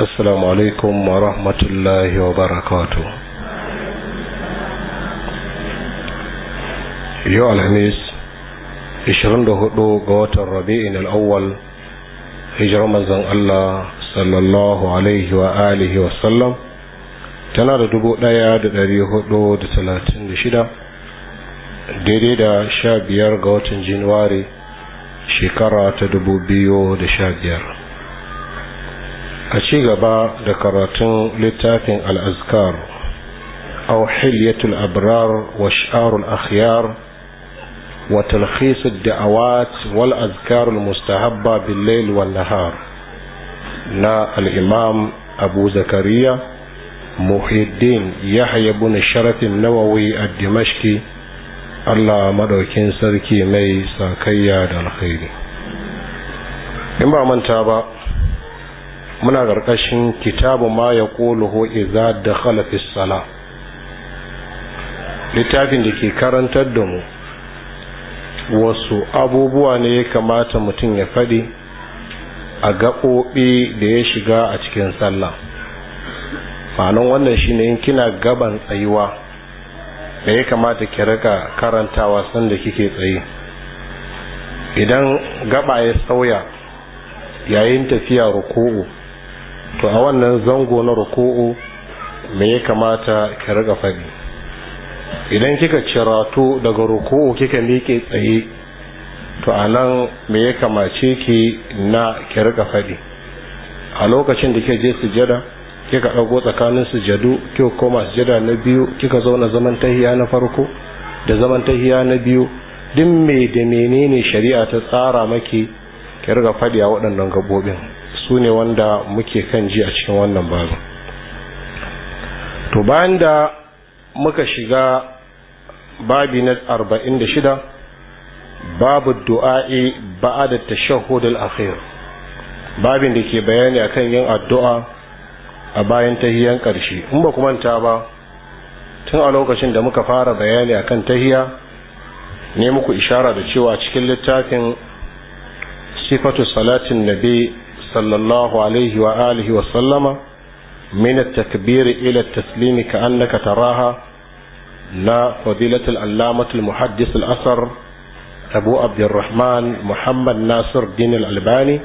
السلام عليكم ورحمة الله وبركاته يو الخميس hudu ga watan rabi'in al'awwal hijirar manzon Allah sallallahu alaihi wa alihi wa sallam tana da dubu ɗaya da ɗari hudu da talatin da shida daidai da sha biyar ga watan januwari shekara ta dubu biyu da sha biyar a ci gaba da karatun littafin al'azkar au hilyatul abrar wa sha'arul akhyar wa talkhisud da'awat wal azkarul mustahabba billail lail wal nahar na al-imam abu zakariya muhiddin yahya ibn sharaf an-nawawi a dimashki Allah madaukin sarki mai sakayya da alkhairi in ba manta ba muna ƙarƙashin kitabu ma ya ƙoluhu iza da khalafis sala littafin da ke karantar da mu wasu abubuwa ne ya kamata mutum ya faɗi a gaɓoɓi da ya shiga a cikin sallah ma'anin wannan shi ne kina gaban tsayuwa da ya kamata ki rika karantawa sanda kike tsaye idan gaba ya sauya yayin tafiya ruku'u to a wannan zango na ruku'u me ya kamata ki riga fadi idan kika cirato daga ruku'u kika miƙe tsaye to a nan me ya kamace ki na ki riga fadi a lokacin da kika je sujada kika ɗago tsakanin sujadu kika koma sujada na biyu kika zauna zaman tahiya na farko da zaman tahiya na biyu duk me da menene shari'a ta tsara maki ki riga fadi a waɗannan gabobin. su ne wanda muke kan ji a cikin wannan babu to bayan da muka shiga babi na arba'in da shida babu du'a'i ba'a da tashahudul akhir babin da ke bayani akan yin addu'a a bayan tahiyan ƙarshe in ba ku manta ba tun a lokacin da muka fara bayani akan tahiya ne muku ishara da cewa cikin littafin sifatu salatin nabi صلى الله عليه وآله وسلم من التكبير إلى التسليم كأنك تراها لا فضيلة العلامة المحدث الأثر أبو عبد الرحمن محمد ناصر الدين الألباني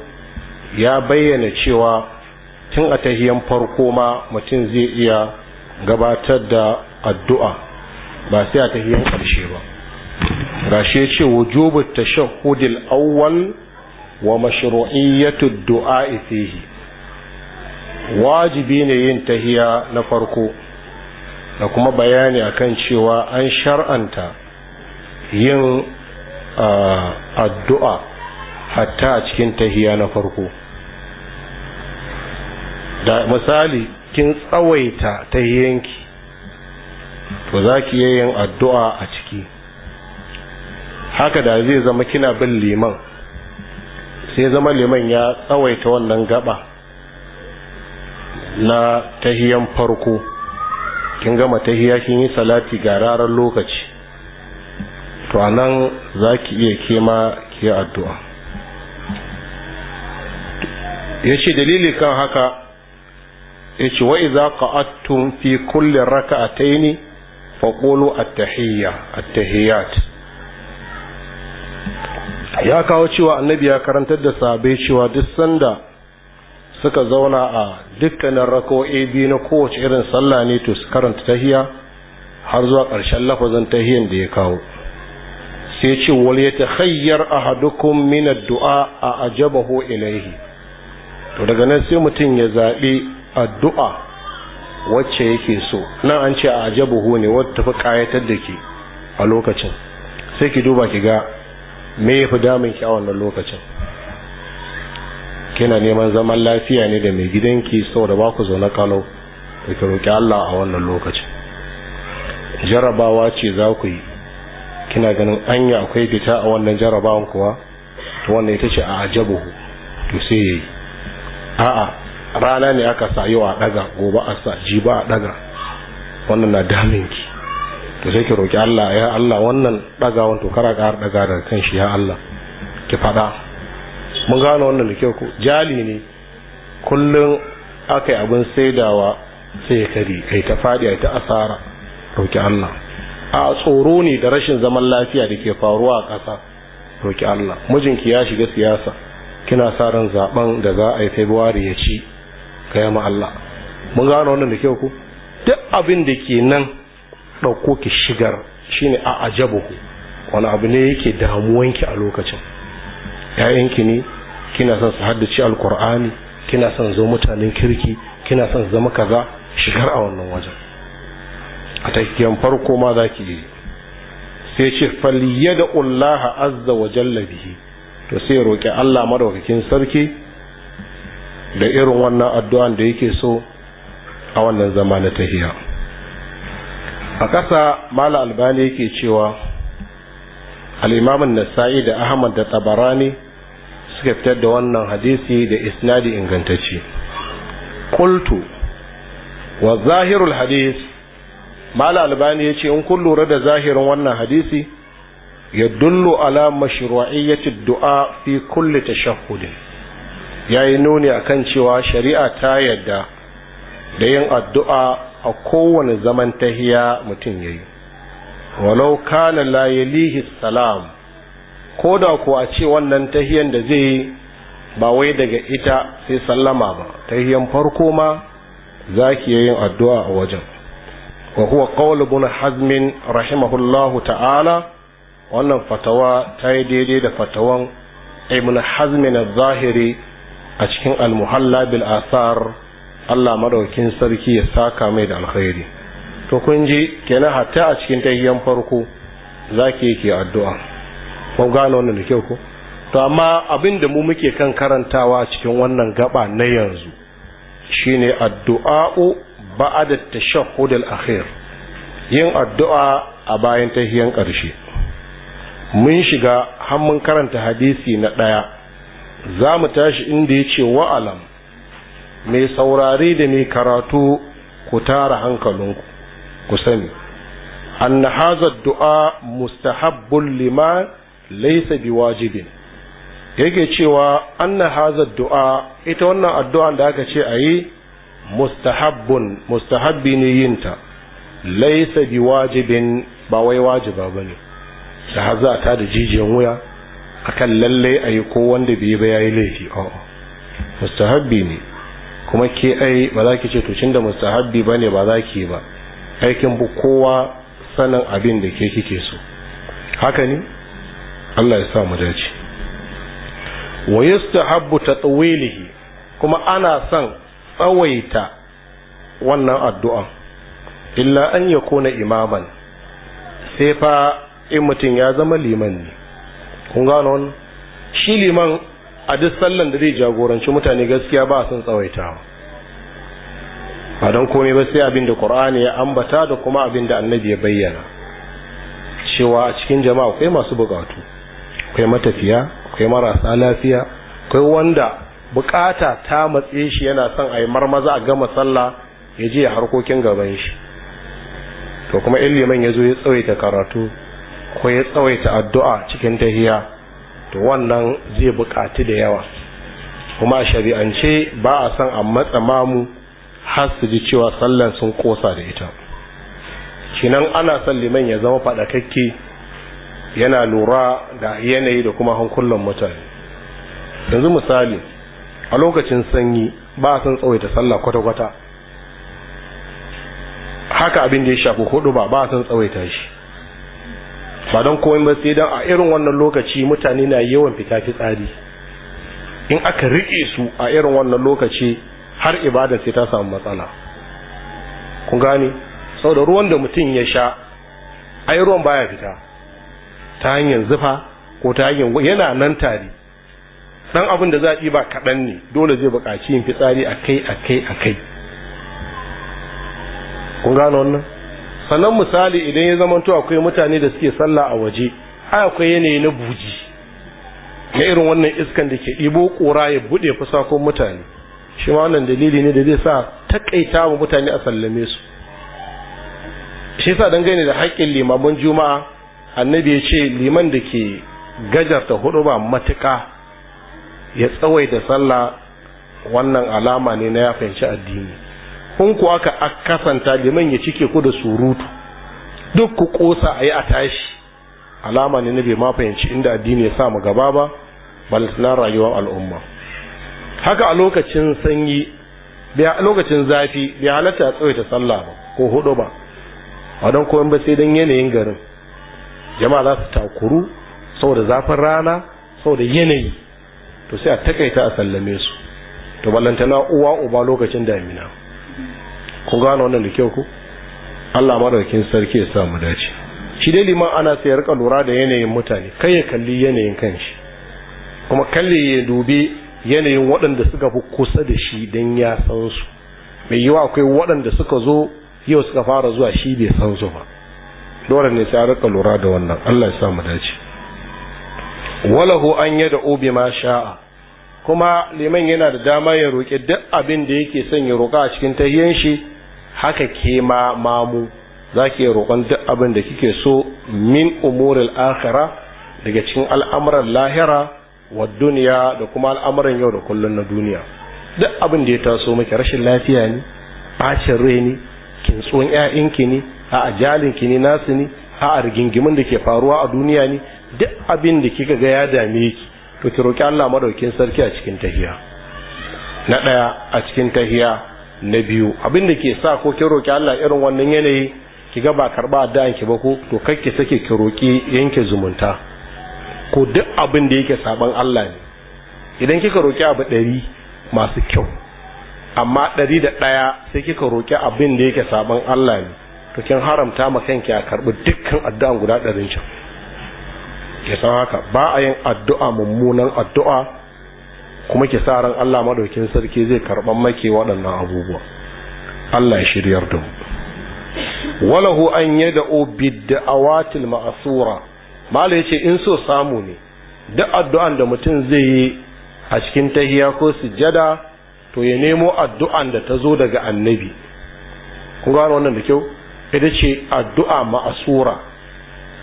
يا بين شوى tun a tahiyan farko ma mutum zai iya gabatar da addu'a ba sai a tahiyan ƙarshe ba gashe ce wujubu tashahhudil awwal wa mashru'iyyatu du'a'i fihi wajibi ne yin tahiya na farko da kuma bayani akan cewa an shar'anta yin addu'a hatta a cikin tahiya na farko da misali kin tsawaita tahiyanki to za ki iya yin addu'a a ciki haka da zai zama kina bin liman sai zama liman ya tsawaita wannan gaba na tahiyan farko kin gama tahiya kin yi salati ga rarar lokaci to anan za ki iya kema ki addu'a ya ce dalili kan haka ya ce wa iza qa'attum fi kulli raka'ataini faqulu at-tahiyya at-tahiyyat ya kawo cewa annabi ya karantar da sahabbai cewa duk sanda suka zauna a dukkanin rako'i biyu na kowace irin sallah ne to su karanta tahiya har zuwa ƙarshen lafazin tahiyan da ya kawo sai ce wal a hadukun min ad-du'a a ajabahu ilaihi to daga nan sai mutum ya zaɓi addu'a wacce yake so nan an ce a ajabahu ne wacce tafi ƙayatar da ke a lokacin sai ki duba ki ga me ya fi damun ki a wannan lokacin kina neman zaman lafiya ne da mai gidanki saboda ba ku zaune kalau da ki roƙi Allah a wannan lokacin jarabawa ce za ku yi kina ganin anya akwai fita a wannan jarabawan kuwa to wannan ita ce a ajabu to sai yayi a'a rana ne aka sa yau a daga gobe a sa ba a daga wannan na damin to sai ki roki Allah ya Allah wannan ɗagawan to kara ƙara daga da kan shi ya Allah ki faɗa mun gano wannan da kyau ko jali ne kullum aka yi abin saidawa sai ya kari kai ta faɗi ta asara roki Allah a tsoro ne da rashin zaman lafiya da ke faruwa a ƙasa roki Allah mijinki ya shiga siyasa kina sa ran zaben da za a yi February ya ci kai ma Allah mun gano wannan da kyau ko duk abin da ke nan ɗauko ki shigar shine a ajabuhu wani abu ne yake damuwanki a lokacin ‘ya'yanki ne kina son su haddace alkur'ani kina son zo mutanen kirki kina son zama kaza shigar a wannan wajen a takiyan farko ma za ki yi sai ce faliye da ullaha azza wa jalla bihi to sai roƙi allah madaukakin sarki da irin wannan addu'an da yake so a wannan zama na tahiya a ƙasa mala albani yake cewa al'imamin nasa'i da ahmad da tabarani suka fitar da wannan hadisi da isnadi ingantacce kultu wa zahirul hadis mala albani ya ce in kun lura da zahirin wannan hadisi ya dullo ala mashru'iyyati du'a fi kulle ta shahudin Ya yi nuni akan cewa shari'a ta yadda da yin addu'a a kowane zaman tahiya mutum yayi walau kana la yalihi salam ko da ko a ce wannan tahiyan da zai yi ba wai daga ita sai sallama ba tahiyan farko ma zaki yin addu'a a wajen wa huwa qawlu ibn hazm rahimahullahu ta'ala wannan fatawa ta yi daidai da fatawan ibn hazm az-zahiri a cikin al-muhalla bil asar Allah madaukin sarki ya saka mai da alkhairi to kun ji kenan hatta a cikin tahiyan farko zaki yake addu'a kun gano wannan da kyau ko to amma abin da mu muke kan karantawa cikin wannan gaba na yanzu shine addu'a'u ba'da tashahhud al-akhir yin addu'a a bayan tahiyan ƙarshe mun shiga har mun karanta hadisi na ɗaya za mu tashi inda yace ce wa'alam mai saurari da mai karatu ku tara hankalinku ku sani An haza du'a mustahabbun lima laysa wajibin. yake cewa an haza du'a ita wannan addu'a da aka ce ayi mustahabbun mustahabbi ne yinta laysa wajibin ba wai wajiba bane da haza ta da jijiyan wuya akan lalle ayi ko wanda bai ba yayi laifi a'a mustahabbi ne kuma ke ai ba za ki ce to cin da mustahabbi ba ne ba za ki ba aikin bu kowa sanin abin da ke kike so haka ne Allah ya sa mu dace wa yastahabbu tatwilihi kuma ana son tsawaita wannan addu'an illa an kona imaman sai fa in mutum ya zama liman ne kun gano wannan shi liman a duk sallan da zai jagoranci mutane gaskiya ba sun tsawaitawa ba don komai ba sai abin da qur'ani ya ambata da kuma abin da annabi ya bayyana cewa a cikin jama'a akwai masu bukatu akwai matafiya akwai marasa lafiya akwai wanda bukata ta matse shi yana son a yi marmaza a gama sallah ya je harkokin gaban shi to kuma ilimin ya zo ya tsawaita karatu ko ya tsawaita addu'a cikin tahiya to wannan zai buƙaci da yawa kuma shari'ance ba a san a matsa mamu har su ji cewa sallan sun kosa da ita kinan ana son liman ya zama faɗakakke yana lura da yanayi da kuma hankulan mutane yanzu misali a lokacin sanyi ba a son tsawaita sallah kwata-kwata haka abin da ya shafi hudu ba ba a son tsawaita shi ba don komai ba sai don a irin wannan lokaci mutane na yawan fita fitsari in aka riƙe su a irin wannan lokaci har ibada sai ta samu matsala kun gane da ruwan da mutum ya sha ai ruwan baya fita ta hanyar zufa ko ta hanyar yana nan tare dan abin da za a ba kaɗan ne dole zai buƙaci yin fitsari kai a kai. kun gane wannan sannan misali idan ya zamanto akwai mutane da suke sallah a waje ai akwai yanayi na buji na irin wannan iskan da ke ɗibo ƙura ya buɗe fasakon mutane shi ma wannan dalili ne da zai sa takaita wa mutane a sallame su shi don dangane da haƙƙin limamin juma'a annabi ya ce liman da ke gajarta hudu ba matuƙa ya tsawaita sallah wannan alama ne na ya fahimci addini kun ku aka kasanta liman ya cike ku da surutu duk ku kosa a a tashi alama ne na bai ma fahimci inda addini ya sa mu gaba ba rayuwar al'umma haka a lokacin sanyi a lokacin zafi bi halatta a tsawaita sallah ba ko hudu ba a don koyon ba sai don yanayin garin jama'a za su takuru saboda zafin rana saboda yanayi to sai a takaita a sallame su to ballantana uwa uba lokacin damina kun gane wannan da kyau ku Allah madaukakin sarki ya sa mu dace shi dai liman ana sai ya rika lura da yanayin mutane kai ya kalli yanayin kanshi kuma kalli ya dubi yanayin waɗanda suka fi kusa da shi don ya san su mai yiwa akwai waɗanda suka zo yau suka fara zuwa shi bai san su ba dole ne sai ya rika lura da wannan Allah ya sa mu dace walahu an yada ubi ma sha'a kuma liman yana da dama ya roƙi duk abin da yake son ya roƙa a cikin tahiyan shi haka ke ma mamu za ki roƙon duk abin da kike so min umuril akhira daga cikin al'amuran lahira wa duniya da kuma al'amuran yau da kullum na duniya duk abin da ya taso miki rashin lafiya ne bacin rai ne kintsuwan ƴaƴanki ne a ajalinki ne nasu ne a argingimin da ke faruwa a duniya ne duk abin da kika ga ya dame ki to ki roƙi Allah madaukin sarki a cikin tahiya na ɗaya a cikin tahiya na biyu abinda ke sa ko ki roki Allah irin wannan yanayi ki ga ba karba addu'an ki ba ko to ki sake ki roki yanke zumunta ko duk abin da yake saban Allah ne idan kika roki abu ɗari masu kyau amma ɗari da ɗaya sai kika roki abin da yake saban Allah ne to kin haramta ma kanki a karbi dukkan addu'an guda ɗarin can ya san haka ba a yin addu'a mummunan addu'a kuma ki sa ran Allah madaukin sarki zai karban maki waɗannan abubuwa Allah ya shiryar da mu walahu an yad'u bid'awatil ma'sura malai yace in so samu ne duk addu'an da mutum zai yi a cikin tahiya ko sujjada to ya nemo addu'an da ta zo daga annabi kun gano wannan da kyau ita ce addu'a ma'asura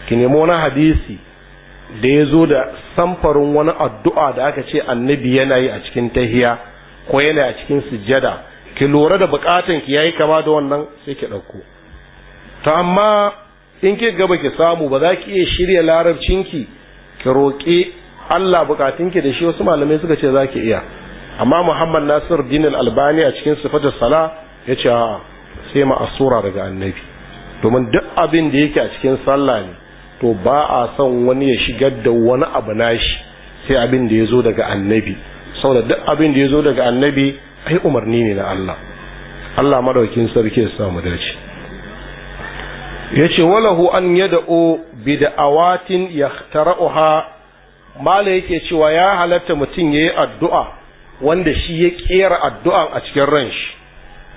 ki nemo na hadisi da ya zo da samfarin wani addu'a da aka ce annabi yana yi a cikin tahiya ko yana a cikin sujjada ki lura da bukatan ki yayi kama da wannan sai ki ɗauko ta amma in ki gaba ki samu ba za ki iya shirya larabcinki ki roƙi Allah bukatunki da shi wasu malamai suka ce za ki iya amma Muhammad Nasir bin albani a cikin fata sala ya ce sai ma asura daga annabi domin duk abin da yake a cikin sallah ne to ba a son wani ya shigar da wani abu nashi sai abin da ya zo daga annabi saboda duk abin da ya zo daga annabi ai umarni ne na Allah Allah madaukin sarki ya samu dace yace walahu an yad'u da'awatin yahtara'uha mala yake cewa ya halatta mutum yayi addu'a wanda shi ya kera addu'an a cikin ran shi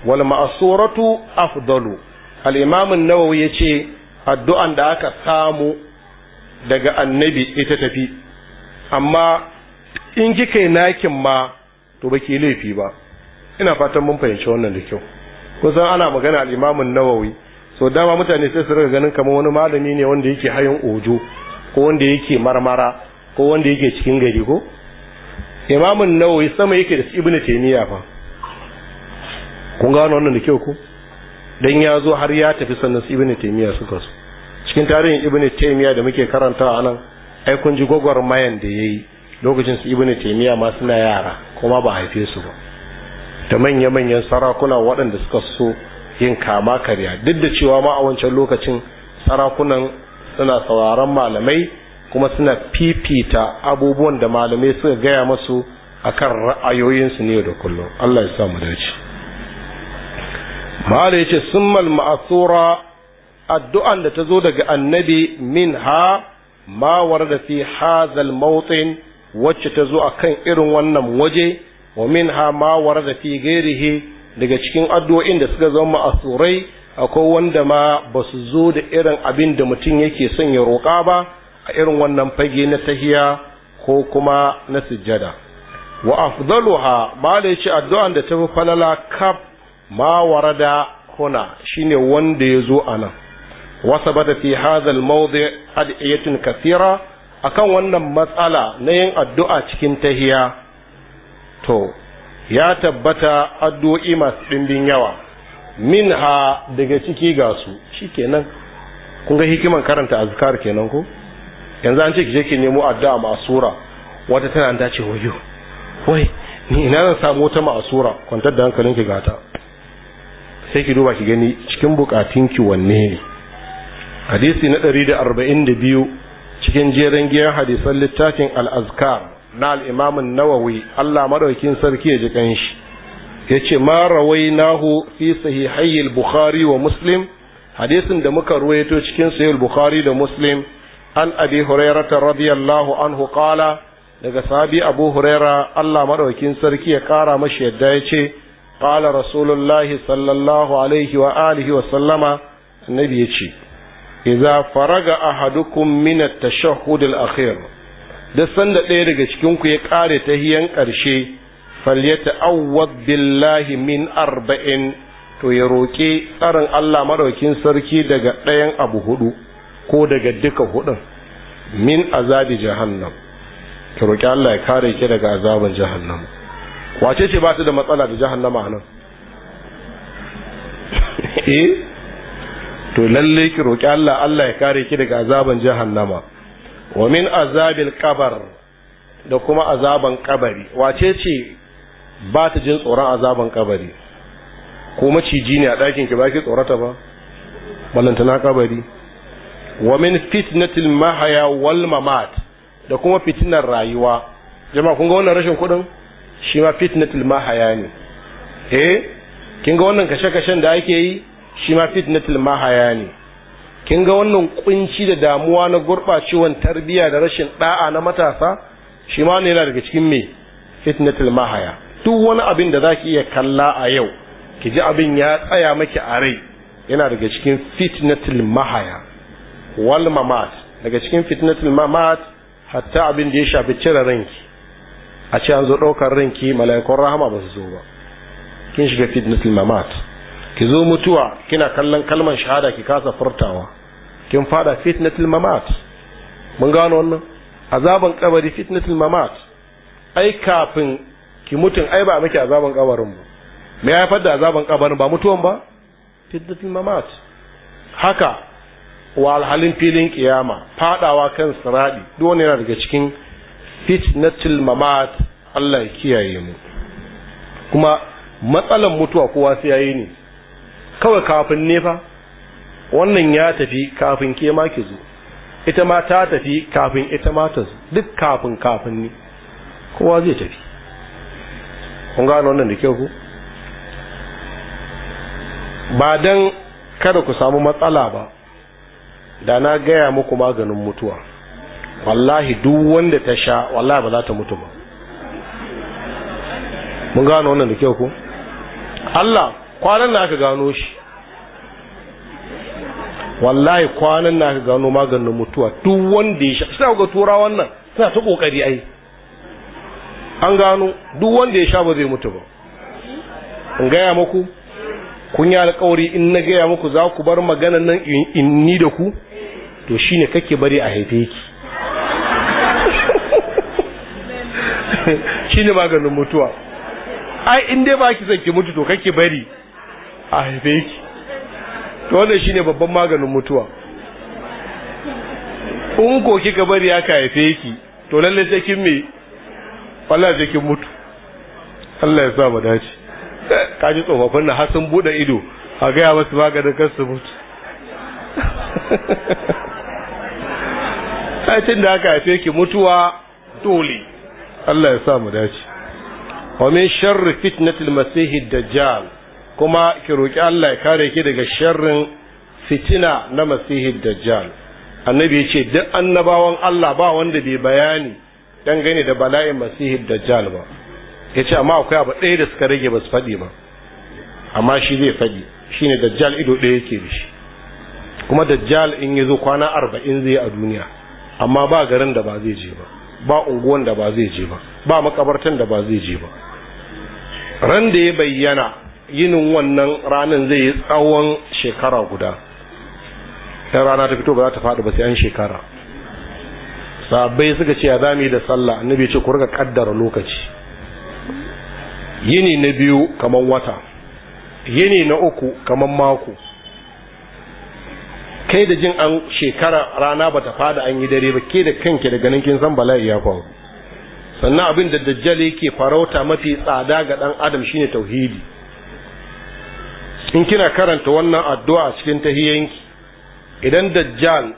wal ma'suratu afdalu al-imam an-nawawi yace addu'an da aka samu daga annabi ita tafi amma in ji kai nakin ma to baki laifi ba ina fatan mun fahimci wannan da kyau kusan ana magana limamin nawawi so dama mutane sai su riga ganin kamar wani malami ne wanda yake hayin ojo ko wanda yake marmara ko wanda yake cikin gari ko imamin nawawi sama yake da ibn taymiya fa kun ga wannan da kyau ko dan ya zo har ya tafi sannan su ibn taymiya suka so cikin tarihin ibn taymiya da muke karanta anan ai kun ji gwagwarmayan da yayi lokacin su ibn taymiya ma suna yara kuma ba haife su ba da manya manyan sarakuna waɗanda suka so yin kama karya duk da cewa ma a wancan lokacin sarakunan suna sauraron malamai kuma suna fifita abubuwan da malamai suka gaya masu akan ra'ayoyinsu ne da kullum Allah ya sa mu dace ma'ala yace summal ma'asura addu'an da ta zo daga annabi min ha ma warda fi hazal mawtin wacce ta zo a kan irin wannan waje wa min ha ma warda fi gairihi daga cikin addu'o'in da suka zama ma'asurai akwai wanda ma ba su zo da irin abin da mutum yake son ya roƙa ba a irin wannan fage na tahiya ko kuma na sujjada wa afdaluha ma yace addu'an da ta fi falala kaf ma warada huna shine wanda ya zo anan wasa bada fi hazal mawdi ad'iyatin kathira akan wannan matsala na yin addu'a cikin tahiya to ya tabbata addu'o'i masu ɗimbin yawa minha daga ciki ga su shikenan kun ga hikiman karanta azkar kenan ko yanzu an ce ki je ki nemo addu'a sura wata tana ta ce wayo wai ni ina zan samu wata ma'asura kwantar da hankalinki gata sai ki duba ki gani cikin bukatun ki wanne ne hadisi na 142 cikin jerin giyan hadisan littafin al-azkar na al-imam an-nawawi Allah madaukin sarki ya ji kanshi yace ma rawainahu fi sahihai al-bukhari wa muslim hadisin da muka ruwaito cikin sahih al-bukhari da muslim an abi hurairata radiyallahu anhu qala daga sahabi abu huraira Allah madaukin sarki ya kara mashi yadda yace qala rasulullahi sallallahu alaihi wa alihi wa sallama annabi yace idza faraga ahadukum min at-tashahhud al-akhir da sanda ɗaya daga cikin ku ya kare ta hiyan ƙarshe falyata'awwad billahi min arba'in to ya roƙi tsarin Allah maɗaukin sarki daga ɗayan abu hudu ko daga duka hudun min azabi jahannam ki roƙi Allah ya kare ki daga azaban jahannam wace ce ba ta da matsala da jahannama nan eh to lalle ki roki Allah Allah ya kare ki daga azaban jahannama wa min azabil qabr da kuma azaban kabari wace ce ba ta jin tsoron azaban kabari ko maciji ne a ɗakin ki ba ki tsorata ba ballantana kabari wa min fitnatil mahaya wal mamat da kuma fitinar rayuwa jama'a kun ga wannan rashin kuɗin shi ma fitnatul mahaya ne eh kin wannan kashe-kashen da ake yi shi ma fitnatul mahaya ne kin ga wannan kunci da damuwa na gurɓacewan tarbiyya da rashin ɗa'a na matasa shi ma ne yana daga cikin me fitnatul mahaya duk wani abin da zaki iya kalla a yau ki ji abin ya tsaya maki a rai yana daga cikin fitnatul mahaya wal mamat daga cikin fitnatul mamat hatta abin da ya shafi cire ranki a ce an zo ɗaukar ranki mala'ikun rahama ba su zo ba kin shiga fitnatul mamat ki zo mutuwa kina kallon kalman shahada ki kasa furtawa kin fada fitnatul mamat mun gano wannan azaban kabari fitnatul mamat ai kafin ki mutun ai ba miki azaban kabarin ba me ya haifar da azaban kabarin ba mutuwan ba fitnatul mamat haka wa alhalin filin kiyama fadawa kan siradi duk wani yana daga cikin fitnatul mamat Allah ya kiyaye mu kuma matsalan mutuwa kowa sai yayi ne kawai kafin ne fa wannan ya tafi kafin ke ma ki zo ita ma ta tafi kafin ita ma ta zo duk kafin kafin ne kowa zai tafi kun gano wannan da kyau ku ba dan kada ku samu matsala ba da na gaya muku maganin mutuwa wallahi duk wanda ta sha wallahi ba za ta mutu ba mun gano wannan da kyau ko Allah kwanan na aka gano shi wallahi kwanan na aka gano maganin mutuwa duk wanda ya sha sai ga tura wannan sai ta kokari ai an gano duk wanda ya sha ba zai mutu ba in gaya muku kun yi alkawari in na gaya muku za ku bar maganan nan in ni da ku to shine kake bari a haife ki Shi ne maganin mutuwa ai in dai ba ki son ki mutu to kake bari a haife ki to wannan shine babban maganin mutuwa in ko kika bari aka haife ki to lalle sai kin me wallahi sai kin mutu Allah ya sa mu dace ka ji tsofaffin nan har sun bude ido a gaya masu maganin kan su mutu sai tun da aka haife ki mutuwa dole Allah ya sa mu dace wa min sharri fitnatil masihi dajjal kuma ki roki Allah ya kare ki daga sharrin fitina na masihid dajjal annabi yace duk annabawan Allah ba wanda bai bayani dangane da bala'in masihid dajjal ba ya amma akwai abu ɗaya da suka rage ba su faɗi ba amma shi zai faɗi shine dajjal ido ɗaya yake da shi kuma dajjal in ya zo kwana arba'in zai a duniya amma ba garin da ba zai je ba ba unguwan da ba zai je ba ba makabartan da ba zai je ba ran da ya bayyana yinin wannan ranan zai yi tsawon shekara guda ta rana ta fito ba za ta faɗi ba sai an shekara sabai suka ce ya zami da sallah annabi ce ku rika kaddara lokaci yini na biyu kaman wata yini na uku kaman mako kai da jin an shekara rana bata fada an yi dare ba ke da kanki daga ganin kin san bala'i ya faru sannan abin da dajjali ke farauta mafi tsada ga dan adam shine tauhidi in kina karanta wannan addu'a a cikin tahiyanki idan dajjal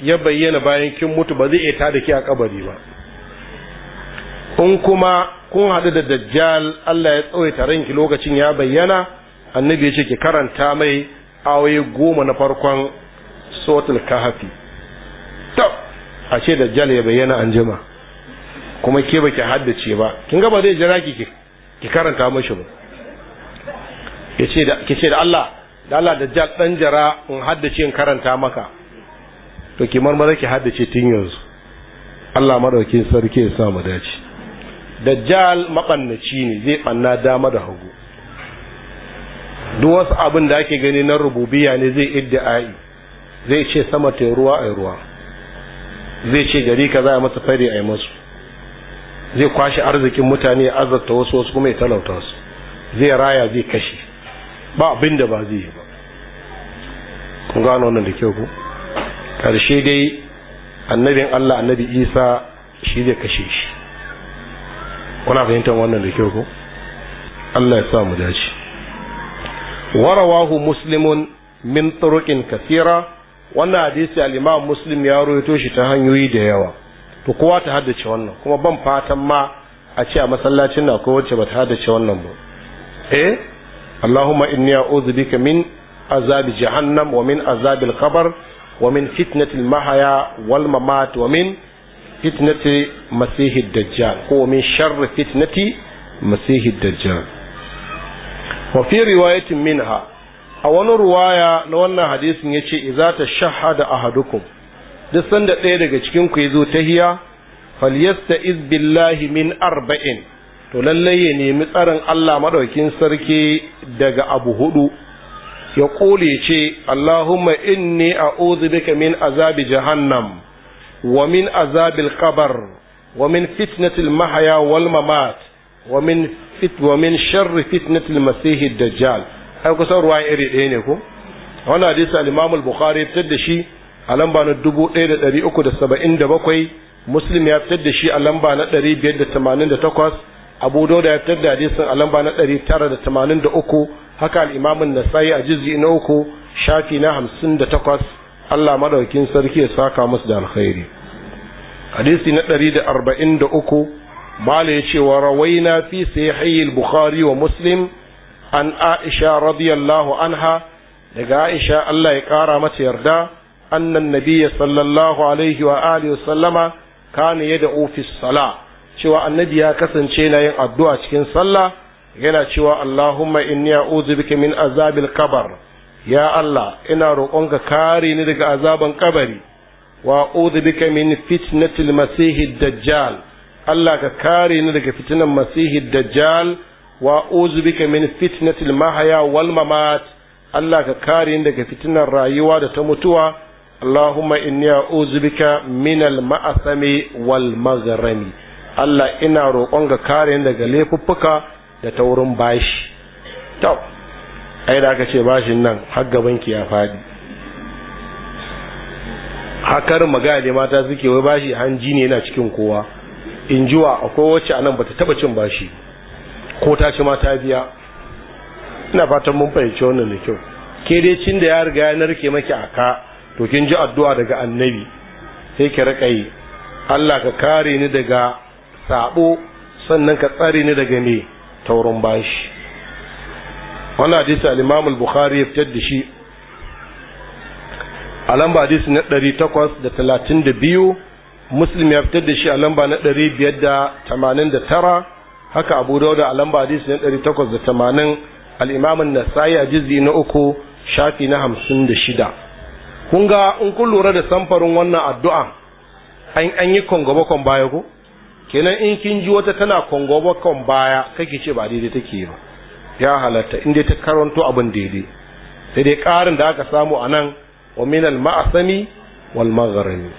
ya bayyana bayan kin mutu ba zai iya da ki a kabari ba Kun kuma kun haɗu da dajjal Allah ya tsawai ranki lokacin ya bayyana annabi ya ce ki karanta mai awaye goma na farkon suratul kahfi to a ce da jal ya bayyana an jima kuma ke baki haddace ba kin ga ba zai jira ki ki karanta mashi ba yace da kace da Allah da Allah da jal dan jara in haddace in karanta maka to ki marmara ki haddace tun yanzu Allah madaukin sarki ya sa mu dace dajjal mabannaci ne zai banna dama da hagu duk wasu abin da ake gani na rububiya ne zai iddi'ai zai ce sama ta ruwa a ruwa zai ce gari ka za a masa fari a yi masu zai kwashe arzikin mutane ya azarta wasu wasu kuma ya talauta su zai raya zai kashe ba abin da ba zai yi ba kun gano wannan da kyau ku karshe dai annabin allah annabi isa shi zai kashe shi kuna fahimtar wannan da kyau ku allah ya sa mu dace warawahu muslimun min turukin kasira wannan hadisi al-imam muslim ya rawaito shi ta hanyoyi da yawa to kowa ta haddace wannan kuma ban fatan ma a ce a masallacin na akwai wacce ba ta haddace wannan ba eh allahumma inni a'udhu bika min azabi jahannam wa min azab al-qabr wa min fitnati al-mahya wal mamat wa min fitnati masihi dajjal ko min sharri fitnati masihi dajjal wa fi riwayatin minha a wani ruwaya na wannan hadisin ya ce iza ta shahada ahadukum duk sanda ɗaya daga cikin ku ya zo ta hiya falyasta izbillahi min arba'in to lallai ya nemi tsarin Allah maɗaukin sarki daga abu hudu ya ƙole ce Allahumma inni a bika min azabi jahannam wa min azabil kabar, wa min fitnatil mahaya wal mamat wa min fit wa min sharri fitnatil masiihid dajjal ai kusan ruwan iri ɗaya ne ko wannan hadisi al-Imam al-Bukhari fitar da shi a lamba na 1377 Muslim ya fitar da shi a lamba na 588 Abu Dawud ya fitar da hadisin a lamba na 983 haka al-Imam an-Nasa'i a juz'i na uku shafi na 58 Allah madaukin sarki ya saka musu da alkhairi hadisi na 143 mala ya ce wa rawaina fi sahih al-Bukhari wa Muslim an aisha radiyallahu anha daga aisha Allah ya kara mata yarda annan nabiyya sallallahu alaihi wa alihi sallama kana yad'u ofis sala cewa annabi ya kasance na yin addu'a cikin sallah yana cewa Allahumma inni a'udhu bika min azabil kabar ya Allah ina roƙonka kare ni daga azaban kabari wa a'udhu bika min fitnatil masihid dajjal Allah ka kare ni daga fitinan masihid dajjal wa uzu min fitnatil mahaya wal mamat Allah ka kare ni daga fitinar rayuwa da ta mutuwa Allahumma inni a'udhu bika min al-ma'asami wal maghrami Allah ina roƙon ka kare ni daga laifuffuka da taurin bashi to ai da aka ce bashin nan har gaban ya fadi hakar magana mata suke wai bashi hanji ne yana cikin kowa in jiwa akwai wacce anan bata taba cin bashi ba ko ta ci ma ta biya ina fatan mun fahimci wannan da kyau ke dai cin da ya riga ya narke maki a ka to kin ji addu'a daga annabi sai ki raka yi Allah ka kare ni daga sabo sannan ka tsare ni daga me taurin bashi wannan hadisi al-Imam al-Bukhari ya fitar da shi a lamba hadisi na 832 Muslim ya fitar da shi a lamba na 589 haka abu dauda a lamba hadisi na ɗari takwas da tamanin al'imamin na saya jizi na uku shafi na hamsin da shida kun ga in kun lura da samfarin wannan addu'a an an yi baya ko kenan in kin ji wata tana kongobakon baya kake ce ba daidai take ba ya halatta in dai ta karanto abin daidai sai dai ƙarin da aka samu a nan wa minal ma'asami wal magharami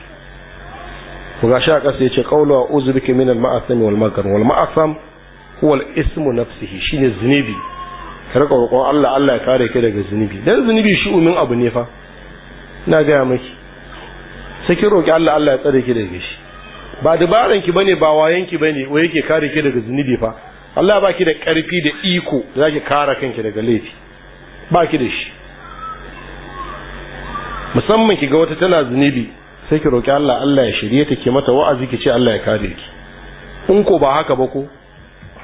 ku ga sha ƙasa ya ce ƙaunar uzubiki minal ma'asami wal magharami wal ma'asam wal ismu nafsihi shine zunubi ka rika roƙon Allah Allah ya kare ka daga zunubi dan zunubi shi umin abu ne fa na gaya maki sai ki roƙi Allah Allah ya tsare ki daga shi ba dabaran ki bane ba wayan ki bane wai yake kare ki daga zunubi fa Allah ba ki da ƙarfi da iko zaki kare kanki daga laifi ba ki da shi musamman ki ga wata tana zunubi sai ki roƙi Allah Allah ya shirye ta ke mata wa'azi ki ce Allah ya kare ki in ko ba haka ba ko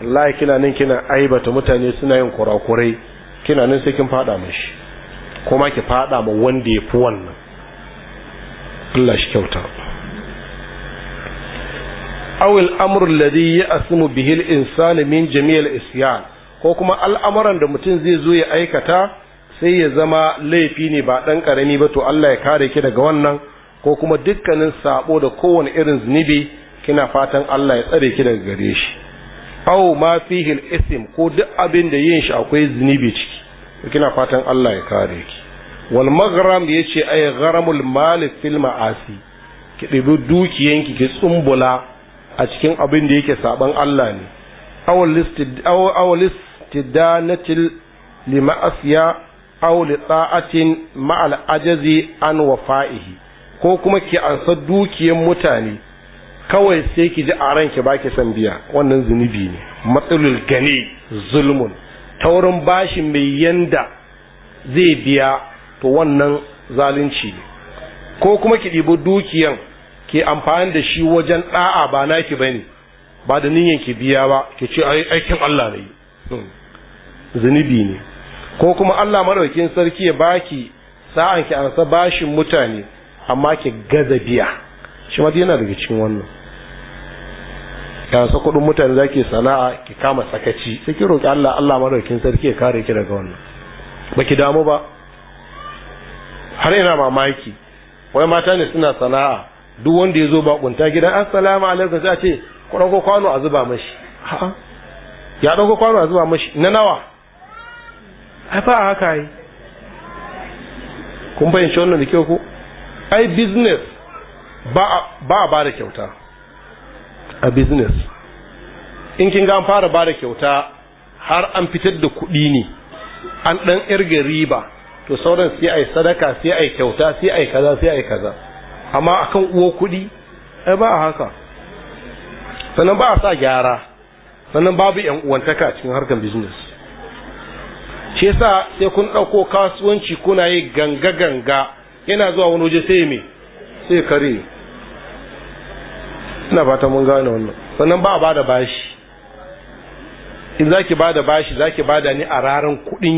wallahi kina nan kina aibata mutane suna yin kurakurai kina nan sai kin fada mashi kuma ki fada ma wanda ya fi wannan Allah shi kyauta Awil Amru Ladi alladhi ya'simu bihi al-insanu min jami' isyan ko kuma al'amuran da mutum zai zo ya aikata sai ya zama laifi ne ba dan karami ba to Allah ya kare ki daga wannan ko kuma dukkanin sabo da kowane irin zunubi kina fatan Allah ya tsare ki daga gare shi aw ma fihi al-ism ko duk abin da yin shi akwai zunubi ciki to kina fatan Allah ya kare ki wal maghram yace ay gharamul mal fil ma'asi ki dibi dukiyanki ki tsumbula a cikin abin da yake saban Allah ne aw list aw listidanatil lima'asiya aw li ta'atin ma'al ajazi an wafa'ihi ko kuma ki ansa dukiyan mutane kawai sai ki ji a ranke ba ki san biya wannan zunubi ne matsalul gani zulmun taurin bashi mai yanda zai biya to wannan zalunci ne ko kuma ki ɗibi dukiyan ke amfani da shi wajen ɗa'a ba naki ba ne ba da niyan ki biya ba ki ce aikin Allah ne hmm. zunubi ne ko kuma Allah maraukin sarki ya baki sa'an ki ansa bashin mutane amma ki gaza biya shi ma yana daga cikin wannan ka sa kuɗin mutane za ki sana'a ki kama sakaci sai ki roƙi Allah Allah madaukin sarki ya kare ki daga wannan ba ki damu ba har ina mamaki wai mata ne suna sana'a duk wanda ya zo bakunta gidan assalamu alaikum sai a ce ku ɗauko kwano a zuba mashi a'a ya ɗauko kwano a zuba mashi na nawa ai ba haka yi kun fahimci wannan da kyau ko ai business ba ba da kyauta a business in kin ga an fara bada kyauta har an fitar da kuɗi ne an ɗan irga riba to sauran sai ai sadaka sai ai kyauta sai ai kaza sai ai kaza amma akan uwo kuɗi ai ba a haka sannan ba a sa gyara sannan babu yan uwantaka cikin harkar business shi yasa sai kun ɗauko kasuwanci kuna yi ganga ganga yana zuwa wani waje sai me sai kare ina fata mun gane wannan sannan ba a bada bashi in zaki bada bashi zaki bada ni a raran ki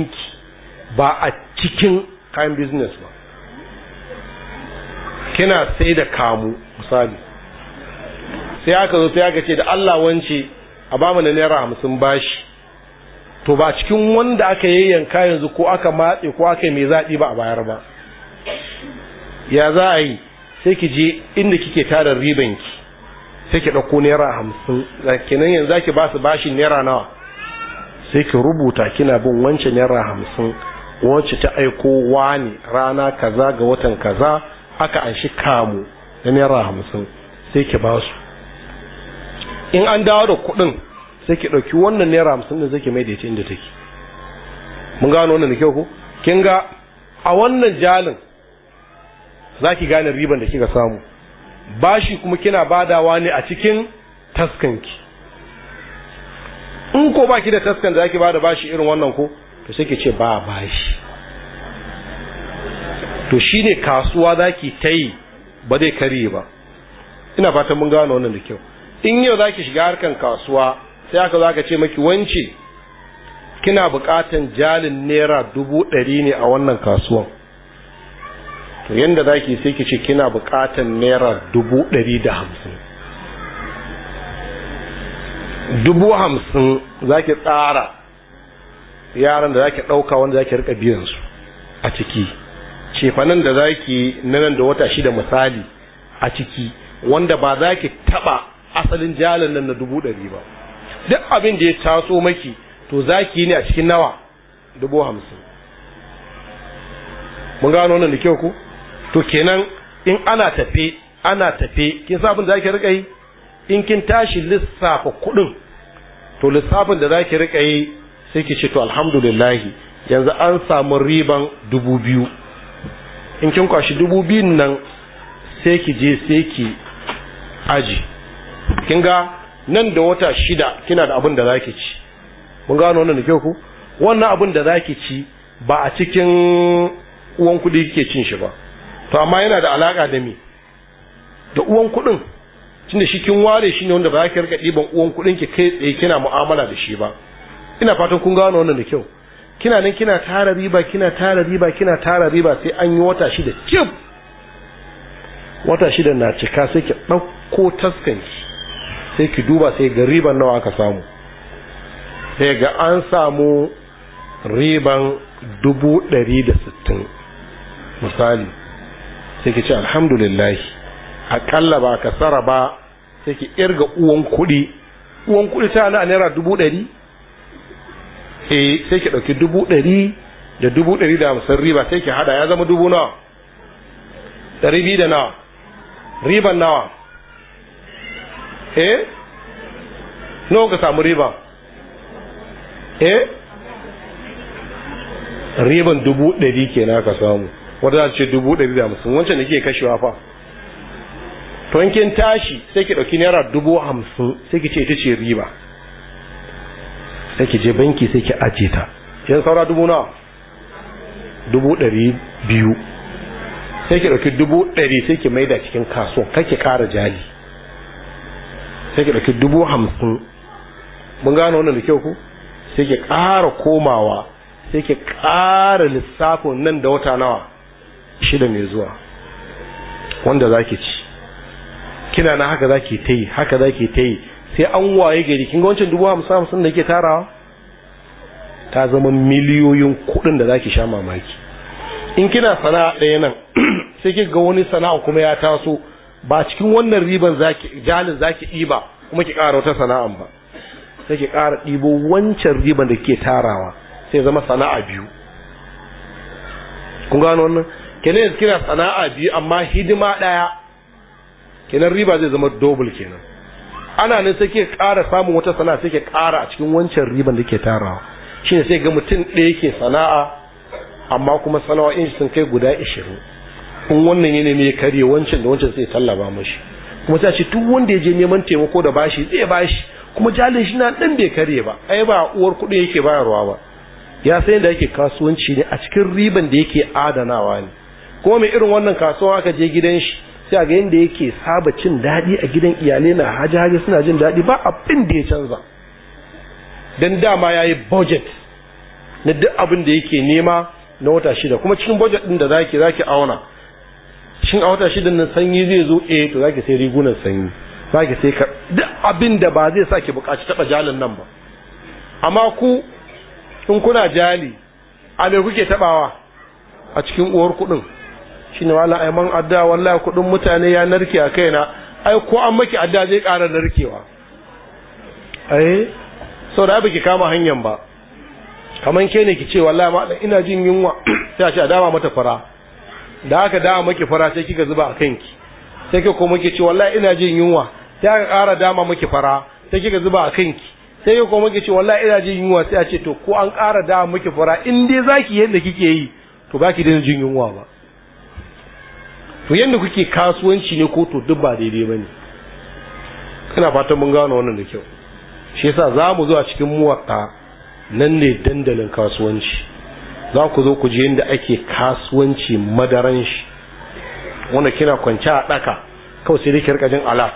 ba a cikin kayan business ba kina sai da kamu misali sai aka zo sai aka ce da Allah wance a ba mu naira hamsin bashi to ba cikin wanda aka yayyanka yanzu ko aka matse ko aka mai zaɗi ba a bayar ba ya za a yi sai ki je inda kike tara ribanki sai ki ɗauko naira hamsin kenan yanzu zaki ba su bashin naira nawa sai ki rubuta kina bin wancan naira hamsin wacce ta aiko wani rana kaza ga watan kaza aka anshi kamu na naira hamsin sai ki ba su in an dawo da kuɗin sai ki ɗauki wannan naira hamsin da zai ki mai da inda take mun gano wannan da kyau ko kin ga a wannan jalin za ki gane riban da kika samu bashi kuma kina badawa ne a cikin taskanki in ko baki da taskan da zaki bada bashi irin wannan ko to sai ki ba bashi to shine kasuwa zaki ta yi ba zai kare ba ina fatan mun gano wannan da kyau in yau zaki shiga harkan kasuwa sai aka zaka ce maki wance kina bukatan jalin naira dubu ɗari ne a wannan kasuwan to yanda za ki sai ki ce kina bukatan naira dubu ɗari da hamsin dubu hamsin za ki tsara yaran da za ki ɗauka wanda za ki rika biyansu a ciki cefanin da za ki nan da wata shida misali a ciki wanda ba za ki taɓa asalin jalin nan na dubu ɗari ba duk abin da ya taso maki to za ki ne a cikin nawa dubu hamsin mun gano nan da kyau ku to kenan in ana tafe ana tafe kin sa abin da zaki rika yi in kin tashi lissafa kuɗin to lissafin da zaki rika yi sai ki ce to alhamdulillah yanzu an samu riban dubu biyu in kin kwashi dubu biyun nan sai ki je sai ki aji kin ga nan da wata shida kina da abin da zaki ci mun gano wannan da kyau ku wannan abin da zaki ci ba a cikin uwan kuɗi kike cin shi ba to amma yana da alaka da me da uwan kuɗin tunda shi kin ware shi ne wanda ba za ki rika ɗiban uwan kuɗin ki kai tsaye kina mu'amala da shi ba ina fatan kun gano wannan da kyau kina nan kina tara riba kina tara riba kina tara riba sai an yi wata shida kim wata shida na cika sai ki ɗauko taskanki sai ki duba sai ga riban nawa aka samu sai ga an samu riban dubu ɗari da sittin misali sai ki ce alhamdulillah akalla ba ka tsara ba sai ki irga uwan kuɗi uwan kuɗi ta na naira dubu ɗari eh sai ki ɗauki dubu ɗari da dubu ɗari da hamsin riba sai ki hada ya zama dubu nawa ɗari biyu da nawa riban nawa eh nawa ka samu riba eh riban dubu ɗari kenan ka samu wanda za ce dubu ɗari da hamsin wancan da ke kashewa fa to in tashi sai ki ɗauki naira dubu hamsin sai ki ce ita ce riba sai ki je banki sai ki ajiye ta yan saura dubu nawa dubu ɗari biyu sai ki ɗauki dubu ɗari sai ki maida cikin kasuwa kake ƙara jali sai ki ɗauki dubu hamsin mun gano wannan da kyau ku sai ki ƙara komawa sai ki ƙara lissafin nan da wata nawa shida mai zuwa wanda za ki ci kina na haka za ki ta yi haka za ki ta yi sai an waye gari kin ga wancan dubu hamsin hamsin da ke tarawa ta zama miliyoyin kuɗin da za ki sha mamaki in kina sana'a ɗaya nan sai ki ga wani sana'a kuma ya taso ba cikin wannan riban zaki jalin zaki ɗiba kuma ki ƙara wata sana'an ba sai ki ƙara ɗibo wancan riban da ke tarawa sai zama sana'a biyu kun gano wannan kenan yanzu kina sana'a biyu amma hidima ɗaya kenan riba zai zama dobul kenan ana nan sai ke ƙara samun wata sana'a sai ke ƙara a cikin wancan riban da ke tarawa shine sai ga mutum ɗaya ke sana'a amma kuma sana'o'in shi sun kai guda ishirin in wannan ya mai ya karye wancan da wancan sai tallaba mashi kuma ta ce duk wanda ya je neman taimako da bashi zai bashi kuma jalin shi na ɗan bai karye ba ai ba uwar kuɗin yake bayarwa ba ya san yadda yake kasuwanci ne a cikin riban da yake adanawa ne ko mai irin wannan kasuwa aka je gidan shi sai a ga yanda yake saba cin daɗi a gidan iyalai na haji haji suna jin daɗi ba abin da ya canza don dama yi budget na duk abin da yake nema na wata shida kuma cikin budget ɗin da za za zaki auna cikin a wata shida nan sanyi zai zo eh to zaki sai rigunan sanyi zaki sai ka duk abin da ba zai saki buƙaci taɓa jalin nan ba amma ku in kuna jali a me kuke taɓawa a cikin uwar kuɗin? shine wala ai man adda wallahi kudin mutane ya narke a kaina ai ko an maki adda zai ƙara narkewa ai so da ki kama hanyar ba kaman ke ne ki ce wallahi ma ina jin yunwa sai a ce a dama mata fara da aka dama maki fara sai kika zuba a kanki sai kika koma ki ce wallahi ina jin yunwa sai aka ƙara dama maki fara sai kika zuba a kanki sai kika koma ki ce wallahi ina jin yunwa sai a ce to ko an ƙara dama maki fara in dai zaki yadda kike yi to ba ki jin yunwa ba to yadda kuke kasuwanci ne ko to duk ba daidai ba ne ina fatan mun gano wannan da kyau shi yasa za mu zo a cikin muwaka nan ne dandalin kasuwanci za ku zo ku je yadda ake kasuwanci madaran shi wanda kina kwanci a ɗaka kawai sai dai rika jin alat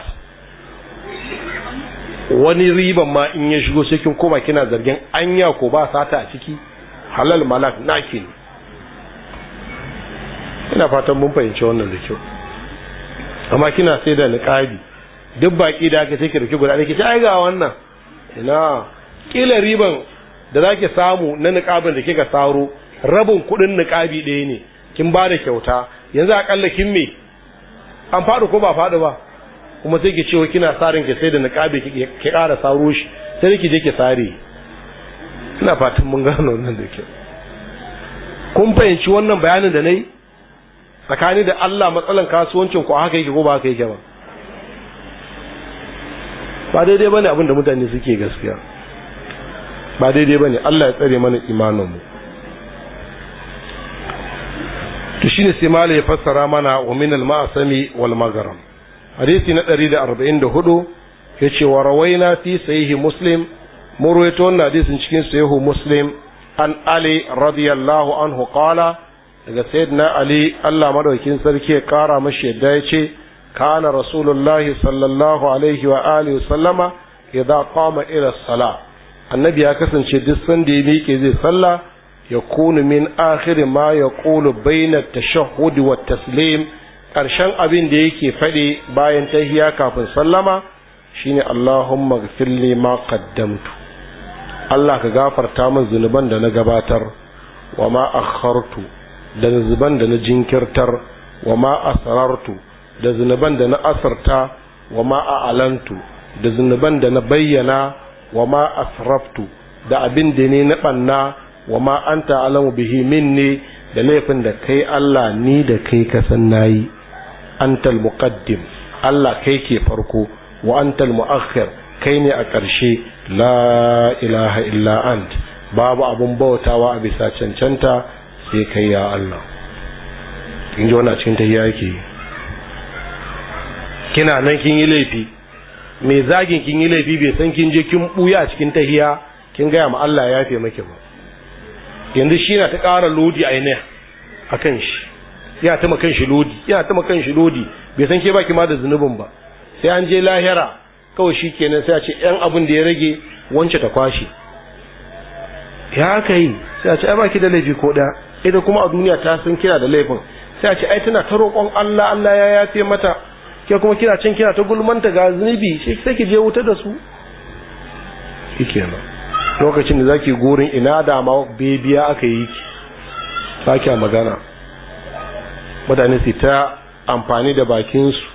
wani riban ma in ya shigo sai kin koma kina zargin anya ko ba sata a ciki halal malak naki ne ina fatan mun fahimci wannan da kyau amma kina sai da niqabi duk baki da aka take rike guda nake ce ai ga wannan ina kila riban da zaki samu na niqabin da kika saro rabin kudin niqabi ɗaya ne kin ba da kyauta yanzu akalla kin me an faɗi ko ba faɗi ba kuma sai ki cewa kina sarin ki sai da niqabi ki ƙara saro shi sai ki je ki sare ina fatan mun gano wannan da kyau kun fahimci wannan bayanin da nayi tsakani da Allah matsalan kasuwancin ku haka yake ko ba haka yake ba ba daidai bane abin da mutane suke gaskiya ba daidai bane Allah ya tsare mana imanin mu to shine sai malai ya fassara mana wa min al ma'asami wal magaram hadisi na 144 yace wa rawaina fi sahihi muslim mu rawaito wannan hadisin cikin sahihu muslim an ali radiyallahu anhu qala daga sayyidina ali Allah madaukin sarki ya kara mashi yadda ya ce kana rasulullahi sallallahu alaihi wa alihi sallama idza qama ila sala annabi ya kasance duk sanda ya miƙe zai salla ya kunu min akhir ma ya yaqulu baina tashahhud wa taslim karshen abin da yake faɗi bayan tahiya kafin sallama shine allahumma ghfirli ma qaddamtu Allah ka gafarta min zunuban da na gabatar wa ma akhartu da zunuban da na jinkirtar wa ma asrartu da zunuban da na asarta wa ma a'lantu da zunuban da na bayyana wa ma asraftu da abin da ne na banna wa ma anta alamu bihi minni da laifin da kai Allah ni da kai ka san nayi antal muqaddim Allah kai ke farko wa antal muakhir kai ne a ƙarshe la ilaha illa ant babu abun bautawa a bisa cancanta sai kai ya Allah in ji a cikin tahiyya yake kina nan kin yi laifi mai zagin kin yi laifi bai san kin je kin buya a cikin tahiya kin gaya ma Allah ya yafe maki ba yanzu shi na ta ƙara lodi a yana a kan shi ya ta makan shi lodi ya ta makan shi lodi bai san ke ki ma da zunubin ba sai an je lahira kawai shi kenan sai a ce yan abin da ya rage wance ta kwashe ya aka yi sai a ce ai ki da laifi ko ɗaya ita kuma a duniya ta san kina da laifin sai a ce ai tana ta roƙon Allah Allah ya yafe mata ke kuma kina can kina ta gulmanta ga zunubi shi sai ki je wuta da su lokacin da zaki gurin ina da ma bebiya aka yi ki saki magana mutane su ta amfani da bakin su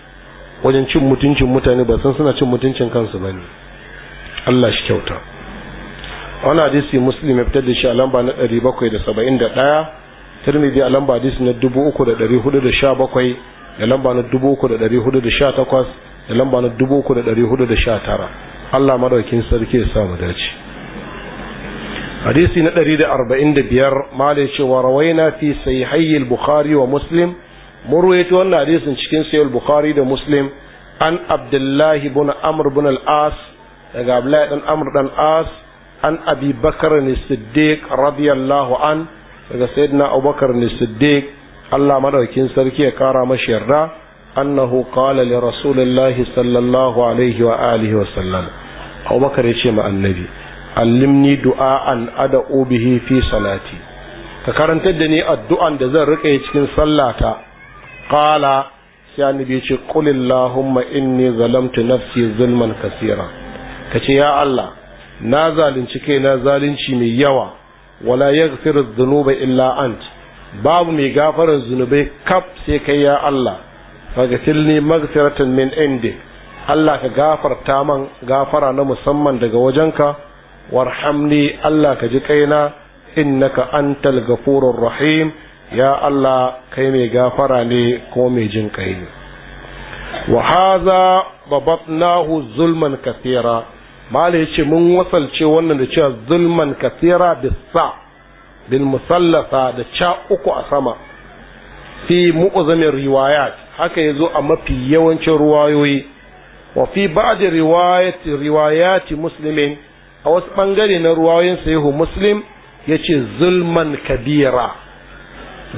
wajen cin mutuncin mutane ba san suna cin mutuncin kansu bane Allah shi kyauta wani hadisi muslim ya fitar da shi a lamba na 771 tirmidhi a lamba hadisi na 3417 da lamba na 3418 da lamba na 3419 Allah madaukin sarki ya sa mu dace hadisi na 145 malai cewa rawaina fi sahihai al-bukhari wa muslim murwaito wannan hadisin cikin sahih al-bukhari da muslim an abdullahi ibn amr ibn al-as daga abdullahi dan amr dan as an abi bakr as-siddiq radiyallahu anhu daga sayyidina abubakar ne siddiq allah madaukin sarki ya kara mashi yarda annahu qala li rasulillahi sallallahu alaihi wa alihi wa sallam abubakar ya ce ma annabi allimni du'a'an ad'u bihi fi salati ka karantar da ni addu'an da zan rika cikin sallata qala sai annabi ya ce qul allahumma inni zalamtu nafsi zulman kaseera kace ya allah na zalunci kai na zalunci mai yawa wala fira dhunuba illa ant babu mai gafaran zunubai kaf sai kai ya Allah faghfirli maghfiratan min indik Allah ka gafarta man gafara na musamman daga wajenka warhamni Allah ka ji kaina innaka antal ghafurur rahim ya Allah kai mai gafara ne ko mai jin kai ne wa hadha babatnahu zulman kathira ya yace mun wasalce wannan da cewa zulman kasira bisa bil musallasa da cha uku a sama fi mu'zamin riwayat haka yazo a mafi yawancin ruwayoyi. wa fi ba'd riwayat riwayat muslimin a wasu bangare na ruwayoyin sahihu muslim yace zulman kabira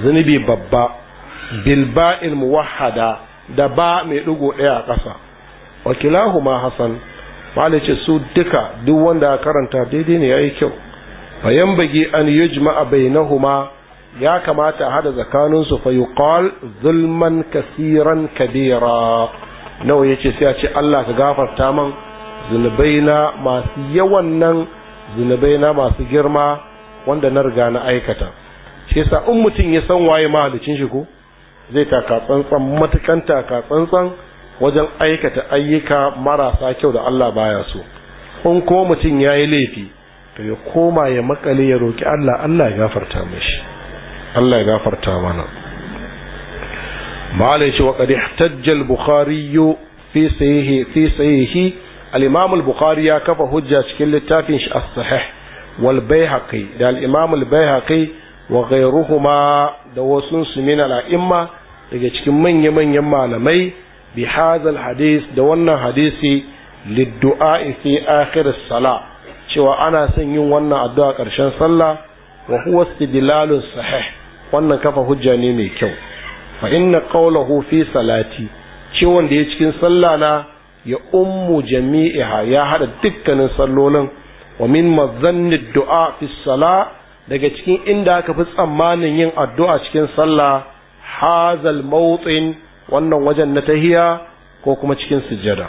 zunubi babba bil ba'il muwahhada da ba mai dugo daya a ƙasa wa kilahuma hasan malai ce su duka duk wanda ya karanta daidai ne ya yi kyau bayan bagi an yujma ma. ya kamata a hada tsakanin su fa zulman kasiran kabira nawa ya ce sai a ce Allah ka gafarta man na masu yawan nan na masu girma wanda na riga na aikata shi yasa in mutum ya san waye mahalicin shi ko zai taka tsantsan matukan taka wajen aikata ayyuka marasa kyau da Allah baya so in ko mutum ya yi laifi to ya koma ya makale ya roki Allah Allah ya gafarta mishi Allah ya gafarta mana mala wa qad ihtajja bukhari fi sahihi fi sahihi al-imam al-bukhari ya kafa hujja cikin littafin shi as-sahih wal bayhaqi da al-imam al-bayhaqi wa ghayruhuma da wasun su min al-a'imma daga cikin manya-manyan malamai bi hadha hadis da wannan hadisi liddu'a fi akhir as-salah cewa ana son yin wannan addu'a ƙarshen sallah wa huwa istidlalun sahih wannan kafa hujja ne mai kyau fa inna qawluhu fi salati ciwon da ya cikin sallah na ya ummu jami'iha ya hada dukkanin sallolin wa min mazanni du'a fi salah daga cikin inda aka fi tsammanin yin addu'a cikin sallah hazal mawtin wannan wajen na tahiya ko kuma cikin sujjada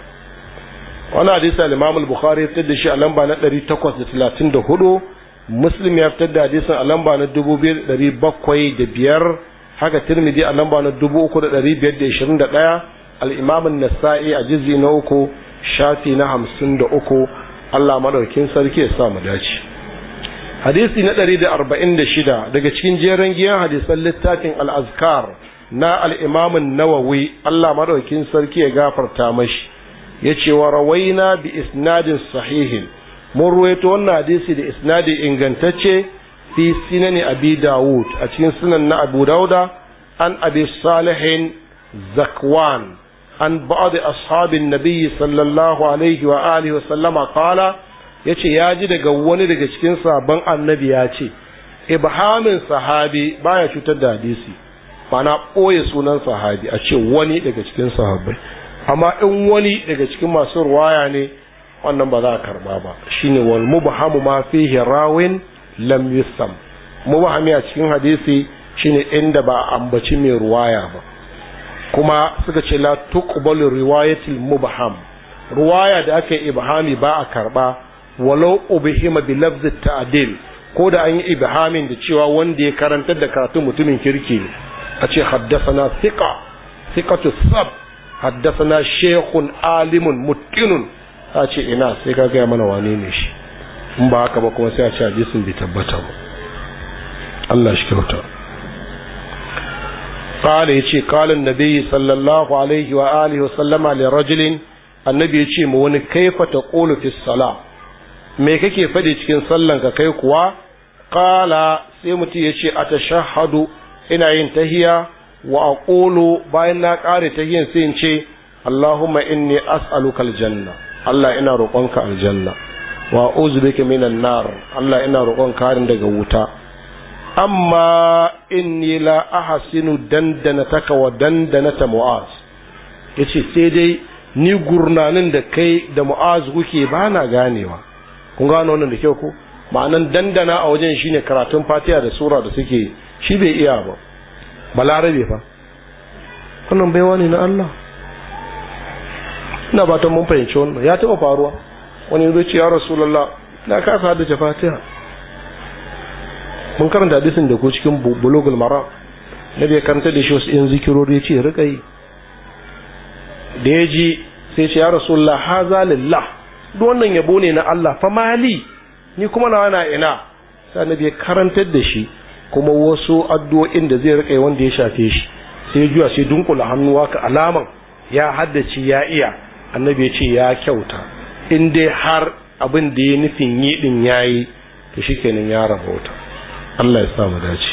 wannan hadisi al-Imam al-Bukhari fitar da shi a lamba na 834 Muslim ya fitar da hadisin a lamba na 2705 haka Tirmidhi a lamba na 3521 al-Imam an-Nasa'i a juz'i na uku shafi na 53 Allah madaukin sarki ya sa mu dace hadisi na 146 daga cikin jeran giyan hadisan littafin al-Azkar na al'imamin nawawi Allah madaukin sarki ya gafarta mashi ya ce wa rawaina bi isnadin sahihin mun ruwaito wannan hadisi da isnadin ingantacce fi sinani abi dawud a cikin sunan na abu dauda an abi salihin zakwan an ba'd ashabin nabiyyi sallallahu alaihi wa alihi wa sallama qala yace ya ji daga wani daga cikin sabon annabi ya ce ibhamin sahabi baya cutar da hadisi mana ɓoye sunan sahabi a ce wani daga cikin sahabbai amma in wani daga cikin masu ruwaya ne wannan ba za a karba ba shine wal mubhamu ma fi rawin lam yusam mubhami a cikin hadisi shine inda ba ambaci mai ruwaya ba kuma suka ce la tuqbalu riwayatil mubham ruwaya da aka yi ibhami ba a karba walau ubhima bi lafzi ta'dil ko da an yi ibhamin da cewa wanda ya karantar da karatun mutumin kirki ne a ce haddasana siƙa siƙatu sab haddasana shekun alimun mutinun a ce ina sai ka gaya mana wane ne shi in ba haka ba kuma sai a ce hadisin bi tabbata ba Allah shi kyauta ya ce sallallahu alaihi wa alihi sallama da عليه annabi ya ce ma wani kaifa ta ƙolu fi sala me kake faɗi cikin sallan ka kai kuwa qala sai mutum ta shahadu. ina yin tahiya wa aqulu bayan na kare tahiyan sai in ce Allahumma inni as'aluka aljanna Allah ina roƙonka aljanna wa a'udhu bika minan nar Allah ina roƙon karin daga wuta amma inni la ahsinu dandanataka wa dandanata mu'az yace sai dai ni gurnanin da kai da mu'az kuke ba na ganewa kun gano wannan da kyau ko ma'anan dandana a wajen shine karatun fatiha da sura da suke shi bai iya ba balarabe fa wannan baiwa ne na Allah ina ba ta mun fahimci wannan ya taba faruwa wani zai ce ya rasulullah na kasa ta fatiha mun karanta hadisin da ku cikin bulugul mara na bai karanta da shi wasu yan zikirori ce rika yi da ya ji sai ce ya rasulullah haza zalillah duk wannan yabo ne na Allah famali ni kuma na ina sai na ya karantar da shi kuma wasu addu'o'in da zai rika wanda ya shafe shi sai juya sai dunkula hannu ka alaman ya haddace ya iya annabi ya ce ya kyauta in dai har abin da ya nufin yi din yayi to shikenan ya rahota Allah ya sa mu dace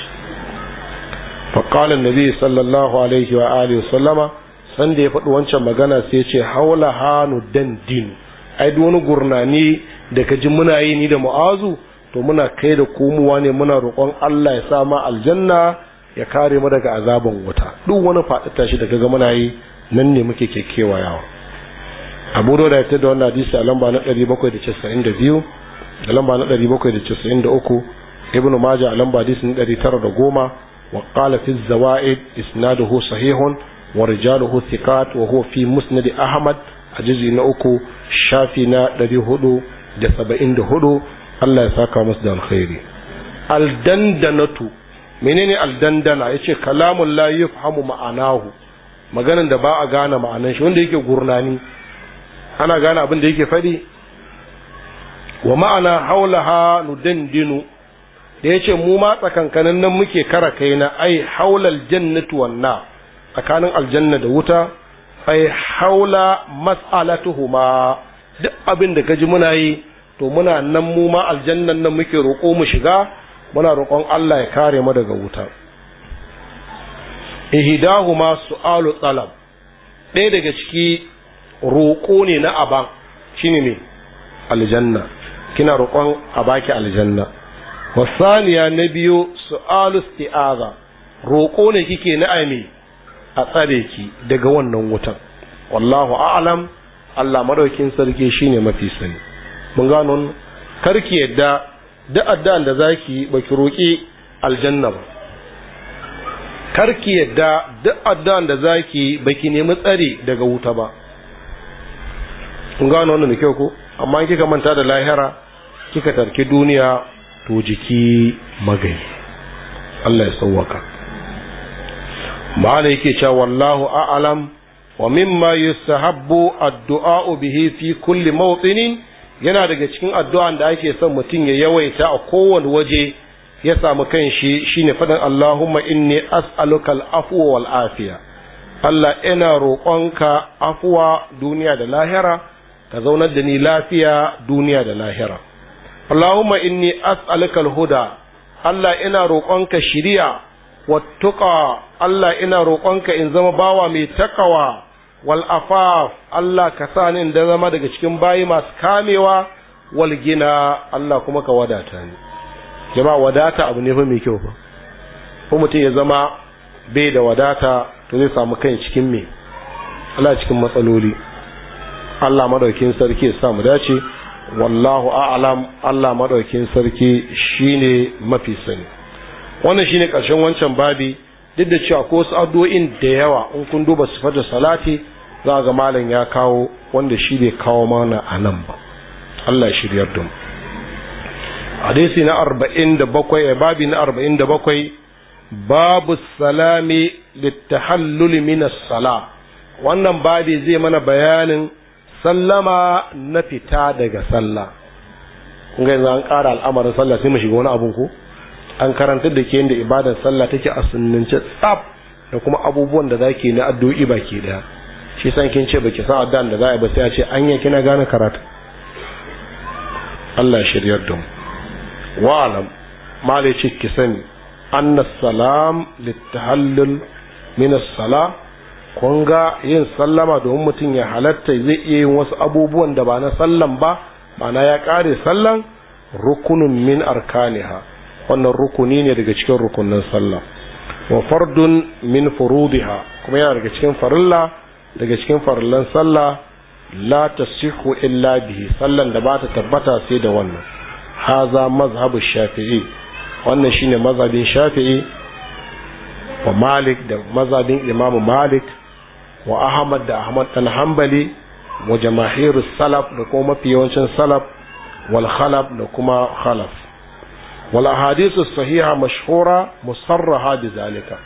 fa qala annabi sallallahu alaihi wa alihi sallama san da ya faɗi wancan magana sai ya ce haula hanu dan din ai duk wani gurnani da ka ji muna yi ni da mu'azu to muna kai da komowa ne muna roƙon Allah ya sa ma aljanna ya kare mu daga azaban wuta duk wani faɗi tashi daga ga muna yi nan ne muke kekewa yawa Abu da ya tada wannan hadisi a lamba na 792 da lamba na 793 ibnu maja a lamba hadisi na 910 wa qala fi zawaid isnaduhu sahihun wa rijaluhu thiqat wa huwa fi musnad Ahmad a juz'i na uku shafi na 474 Allah ya saka musu da alkhairi aldandanatu menene aldandana yace kalamun la yafhamu ma'anahu maganan da ba a gane ma'anan shi wanda yake gurnani ana gane abin da yake faɗi wa ma'ana haulaha nudandinu da yace mu ma tsakankanin nan muke kara kaina ai haulal jannatu wanna tsakanin aljanna da wuta ai haula mas'alatuhuma duk abin da kaji muna yi to muna nan mu ma aljannan nan muke roƙo mu shiga muna roƙon Allah ya kare mu daga wuta ihdahuma su'alu talab ɗaya daga ciki roƙo ne na aban shine ne aljanna kina roƙon a baki aljanna wasaniya na biyu su'alu isti'aza roƙo ne kike na ami a tsare ki daga wannan wutan wallahu a'lam Allah madaukin sarki shine mafi sani mun gano karki yadda duk addu'an da zaki ki roki aljanna ba karki yadda duk addu'an da zaki ki nemi tsare daga wuta ba mun gano wannan da kyau ko amma in kika manta da lahira kika tarki duniya to jiki magani Allah ya sauwaka ma'ana yake cewa wallahu a'lam wa mimma yustahabbu addu'a bihi fi kulli mawtinin yana daga cikin addu'an da ake son mutum ya yawaita a kowane waje ya samu kanshi shine fadin Allahumma inni as'aluka al-afwa wal afiya Allah ina roƙonka afwa duniya da lahira ka zaunar da ni lafiya duniya da lahira Allahumma inni as'aluka al-huda Allah ina roƙonka shiriya tuqa Allah ina roƙonka in zama bawa mai takawa wal afaf Allah ka sa ni da zama daga cikin bayi masu kamewa wal gina Allah kuma ka wadata ni jama'a wadata abu ne fa mai kyau fa ko mutum ya zama bai da wadata to zai samu kan cikin me Allah cikin matsaloli Allah madaukin sarki ya sa mu dace wallahu a'lam Allah madaukin sarki shine mafi sani wannan shine karshen wancan babi duk da cewa ko wasu addu'o'in da yawa in kun duba da salati za ga malam ya kawo wanda shi bai kawo mana a nan ba Allah shiryar da mu hadisi na 47 eh, babi na 47 babu salami litahallul min as-sala wannan babi zai mana bayanin sallama na fita daga sallah kun ga yanzu an ƙara al'amarin sallah sai mu shiga wani abun ko an karanta da ke da ibadar sallah take a sunnance tsaf da kuma abubuwan da za ke na addu'o'i baki daya shi san kin ce baki san addu'an da za a yi ba sai a ce anya kina gane karatu Allah shiryar da mu wa alam malai ce ki sani anna salam littahallul min as-sala kun yin sallama domin mutum ya halatta zai iya yin wasu abubuwan da ba na sallan ba ma'ana ya kare sallan rukunin min arkaniha wannan rukuni ne daga cikin rukunin sallah wa fardun min furudiha kuma yana daga cikin farilla daga cikin farillan sallah la tasihu illa bihi sallan da ba ta tabbata sai da wannan haza mazhabu shafi'i wannan shine mazhabin shafi'i wa malik da mazhabin imam malik wa ahmad da ahmad dan hanbali wa jamahirus salaf da kuma mafi yawancin salaf wal khalaf da kuma khalaf wal ahadithu sahiha mashhura musarraha bi zalika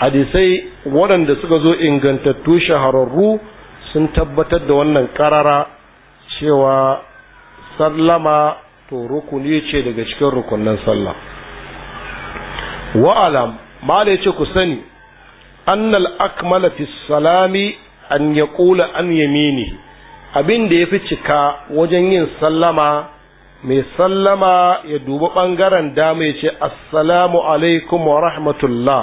hadisai waɗanda suka zo ingantattu shahararru sun tabbatar da wannan ƙarara cewa sallama to rukuni ce daga cikin rukunin sallah wa'alam ma da ce ku sani annal akmala fi salami an kula an yamini abin da ya fi cika wajen yin sallama mai sallama ya dubi ɓangaren dama ya ce assalamu alaikum wa rahmatullah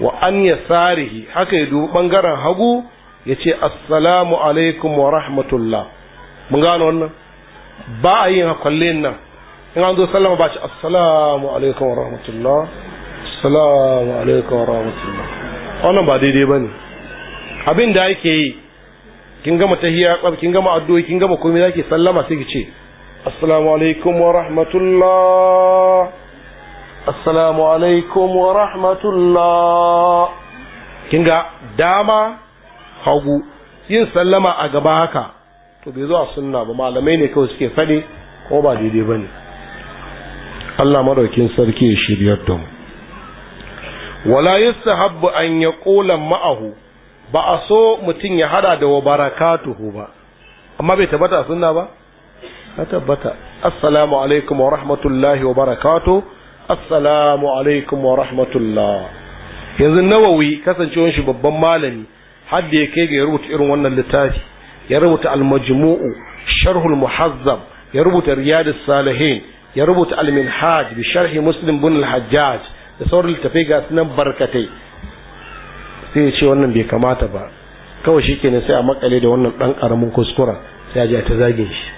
wa an ya sarihi haka ya dubi ɓangaren hagu ya ce assalamu alaikum wa rahmatullah mun gano wannan ba a yin hakwalle nan in an zo sallama ba ce assalamu alaikum wa rahmatullah assalamu alaikum wa rahmatullah wannan ba daidai ba ne abin da ake yi kin gama tahiya kin gama addu'o'i kin gama komai zaki sallama sai ki ce السلام عليكم ورحمة الله السلام عليكم ورحمة الله كنغا داما hagu yin sallama a gaba haka to bai zuwa sunna ba malamai ne kawai suke fade ko ba daidai ba ne Allah madaukin sarki ya shiryar da mu wala yustahabbu an yaqula ma'ahu ba a so mutum ya hada da wa barakatuhu ba amma bai tabbata sunna ba Ka tabbata assalamu alaikum wa rahmatullahi wa barakatu assalamu alaikum wa rahmatullah yanzu nawawi kasancewar shi babban malami har ya kai ga ya rubuta irin wannan littafi ya rubuta al-majmu'u sharhul muhazzab ya rubuta riyadus salihin ya rubuta al-minhaj bi sharhi muslim bin al-hajjaj da sauran littafai ga sunan barkatai sai ya ce wannan bai kamata ba kawai shi kenan sai a makale da wannan dan karamin kuskura sai a ji ta zage shi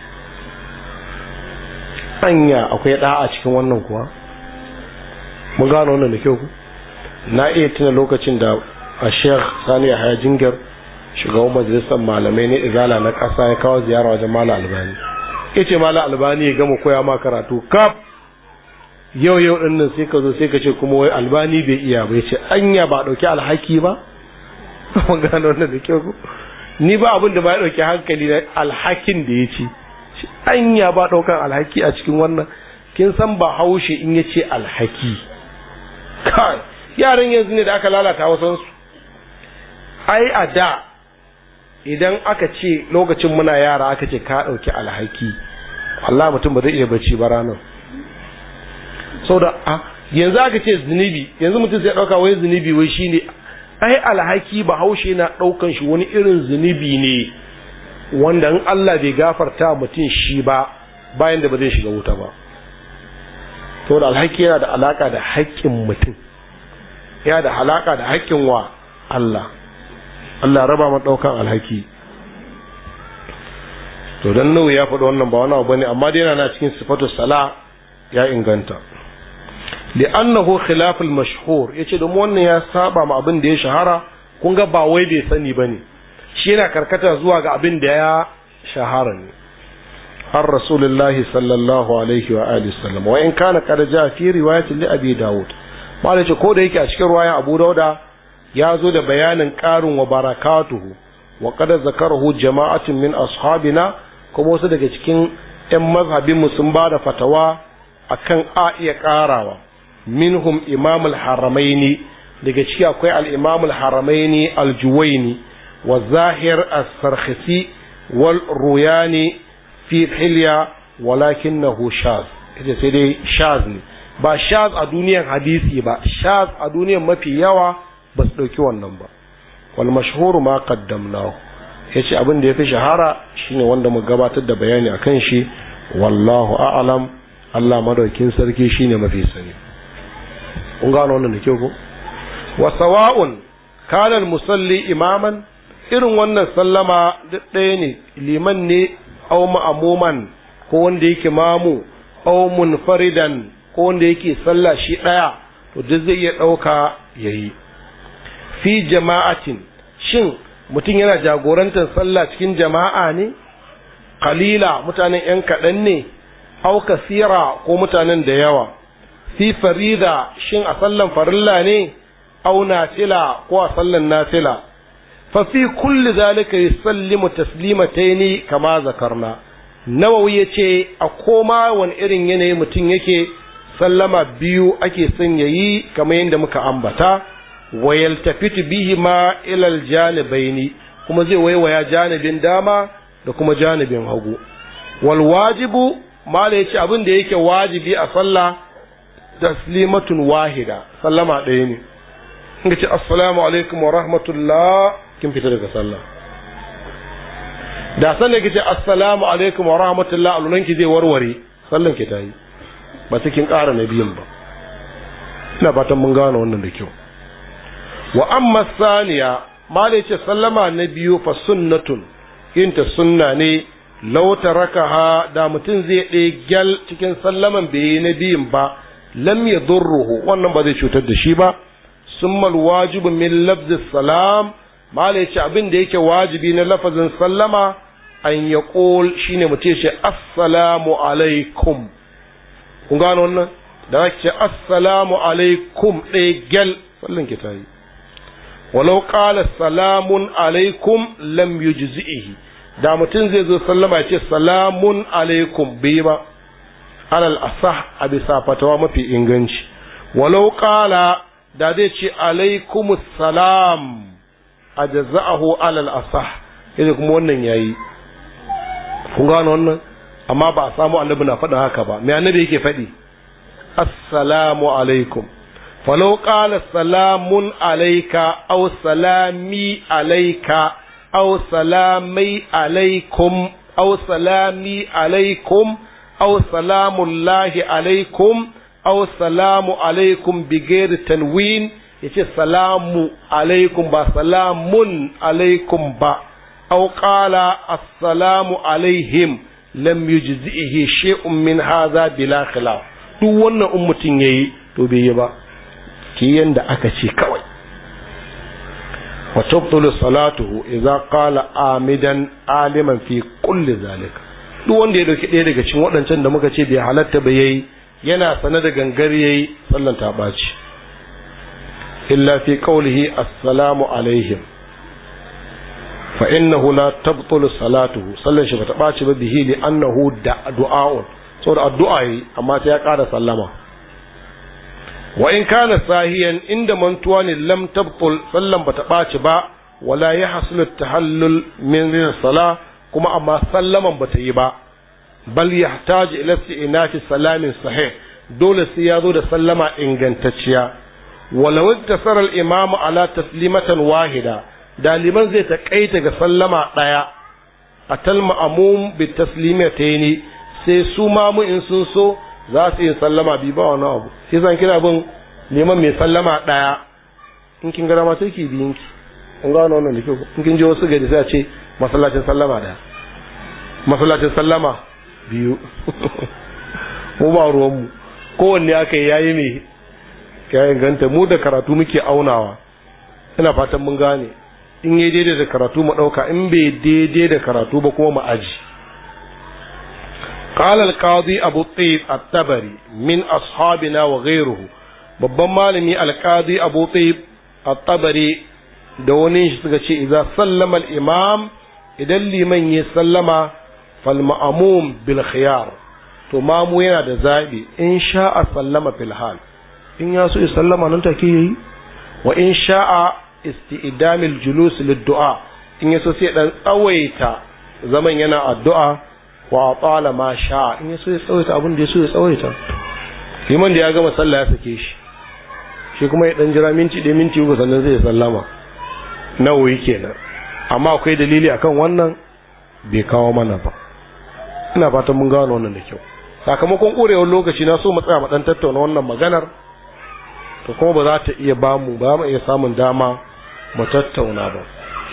anya akwai da'a cikin wannan kuwa mun gano wannan da kyau ku na iya tuna lokacin da a sheikh sani yahaya jingar shugaban majalisar malamai ne izala na kasa ya kawo ziyara wajen mala albani ya ce mala albani ya gama koya ma karatu kaf yau yau ɗin nan sai ka zo sai ka ce kuma wai albani bai iya ba ya ce anya ba ɗauki alhaki ba mun gano wannan da kyau ku ni ba abin da ba ya ɗauki hankali na alhakin da ya ce anya ba ɗaukan alhaki a cikin wannan kin san ba haushe in ya ce alhaki kai yaran yanzu ne da aka lalata wasansu ai a da idan aka ce lokacin muna yara aka ce ka ɗauki alhaki Allah mutum ba zai iya bacci ba ranar saboda a yanzu aka ce zunubi yanzu mutum sai ɗauka wai zunubi wai shine ai alhaki ba haushe na ɗaukan shi wani irin zunubi ne wanda in Allah bai gafarta mutum shi ba bayan da ba zai shiga wuta ba to da alhaki yana da alaka da haƙƙin mutum yana da alaka da haƙƙin wa Allah Allah raba ma daukan alhaki to dan nawa ya faɗi wannan ba wani abu bane amma dai yana na cikin sifatu sala ya inganta annahu khilaful mashhur yace domin wannan ya saba ma abin da ya shahara kun ga ba wai bai sani bane shi yana karkata zuwa ga abin da ya shahara ne har rasulullahi sallallahu alaihi wa alihi sallam wa in kana kada ja fi riwayatin li abi daud malai ce ko da yake a cikin riwaya abu dauda ya zo da bayanin karin wa barakatuhu wa kada zakarahu jama'atun min ashabina kuma wasu daga cikin yan mazhabin mu sun ba da fatawa akan a iya karawa minhum imamul haramaini daga ciki akwai al imamul haramaini al juwaini والظاهر السرخسي والروياني في حلية ولكنه شاذ ita sai dai shaz ne ba shaz a duniyar hadisi ba shaz a duniyan mafi yawa ba su ɗauki wannan ba wal mashhur ma qaddamnahu yace abinda ya fi shahara shine wanda mu gabatar da bayani akan shi wallahu a'lam Allah madaukin sarki shine mafi sani kun gano wannan da kyau ko wa sawa'un musalli imaman irin wannan sallama duk ɗaya ne liman ne au ma'amuman ko wanda yake mamu au munfaridan ko wanda yake sallah shi ɗaya to duk zai iya ɗauka ya yi fi jama'atin shin mutum yana jagorantar sallah cikin jama'a ne kalila mutanen 'yan kaɗan ne au kasira ko mutanen da yawa fi farida shin a sallan farilla ne au nafila ko a sallan nafila fa fi kulli zalika yusallimu taslimataini kama zakarna nawawi yace a koma wani irin yanayi mutum yake sallama biyu ake son yayi kamar yadda muka ambata wa yaltafitu bihi ma ila aljanibaini kuma zai waiwaya janibin dama da kuma janibin hagu wal wajibu mala yace abin da yake wajibi a sallah taslimatun wahida sallama ɗaya ne kace assalamu alaikum wa rahmatullah kin fita daga sallah da sallah kace assalamu alaikum wa rahmatullah alunan ki zai warware sallan ki tayi ba sai kin ƙara na biyun ba ina fatan mun gane wannan da kyau wa amma saniya ma da yace sallama na biyu fa sunnatun ta sunna ne law tarakaha da mutum zai ɗaya gyal cikin sallaman bai yi na biyun ba lam yadurruhu wannan ba zai cutar da shi ba summa wajibu min lafzi salam malai ce abin da yake wajibi na lafazin sallama an ya ƙol shi ne mutu ce assalamu alaikum kun gano wannan da za ce assalamu alaikum ɗaya gyal sallin ki ta yi walau ƙala salamun alaikum lam yujzi'ihi da mutum zai zo sallama ya ce salamun alaikum bi ba alal asah a bisa fatawa mafi inganci walau ƙala da zai ce alaikum salam a jaza'ahu alal asah yadda kuma wannan yayi kun gano wannan amma ba a samu annabi na faɗin haka ba me annabi yake faɗi assalamu alaikum falau qala salamun alayka aw salami alayka aw salamai alaikum aw salami alaikum aw salamullahi alaikum aw salamu alaikum bi tanwin yace salamu alaikum ba salamun alaikum ba aw qala assalamu alaihim lam yujzihi shay'un min hadha bila khilaf duk wannan in yayi to bai yi ba ki yanda aka ce kawai wa tubtulu salatuhu idza qala amidan aliman fi kulli zalika duk wanda ya dauki ɗaya daga cikin waɗancan da muka ce bai halatta ba yayi yana sane da gangar yayi sallan ta ɓaci إلا في قوله السلام عليهم فإنه لا تبطل صلاته صلى الله عليه وسلم به لأنه دعاء سورة الدعاء أما تيقاد سلم وإن كان ساهيا عند منتوان لم تبطل سلم بتباتش با ولا يحصل التحلل من الصلاة كما أما سلم بتيبا bal yahtaj ila isti'nati salamin sahih dole sai ya zo da sallama ingantacciya walau tasara al-imamu ala taslimatan wahida daliman zai taƙaita ga sallama ɗaya a talma amum bi taslimataini sai su mamu in sun so za su yi sallama bi ba wani abu sai san kina bin neman mai sallama ɗaya in kin ga ma sai ki biyin ki in gano wannan da kyau in kin je wasu gari sai a ce masallacin sallama ɗaya masallacin sallama biyu mu ba mu kowanne aka yi yayi mai ya inganta mu da karatu muke aunawa ina fatan mun gane in yi daidai da karatu mu ɗauka in bai daidai da karatu ba kuma mu aji قال القاضي أبو الطيب min ashabina wa وغيره babban malami alƙadi abu tsib a tabari da wani shi suka ce idan sallama imam idan liman ya sallama falma'amum bil khiyar to mamu yana da zaɓi in sha a sallama filhal in ya so ya sallama nan take yayi wa in sha'a isti'damil julus lid-du'a in ya so sai dan tsawaita zaman yana addu'a wa atala ma sha'a in ya so ya tsawaita abin da ya so ya tsawaita liman da ya gama sallah ya sake shi shi kuma ya dan jira minti ɗaya minti uku sannan zai sallama nawoyi kenan amma akwai dalili akan wannan bai kawo mana ba ina fatan mun gano wannan da kyau sakamakon ƙurewar lokaci na so mu tsaya mu dan tattauna wannan maganar to kuma ba za ta iya ba mu ba mu iya samun dama mu tattauna ba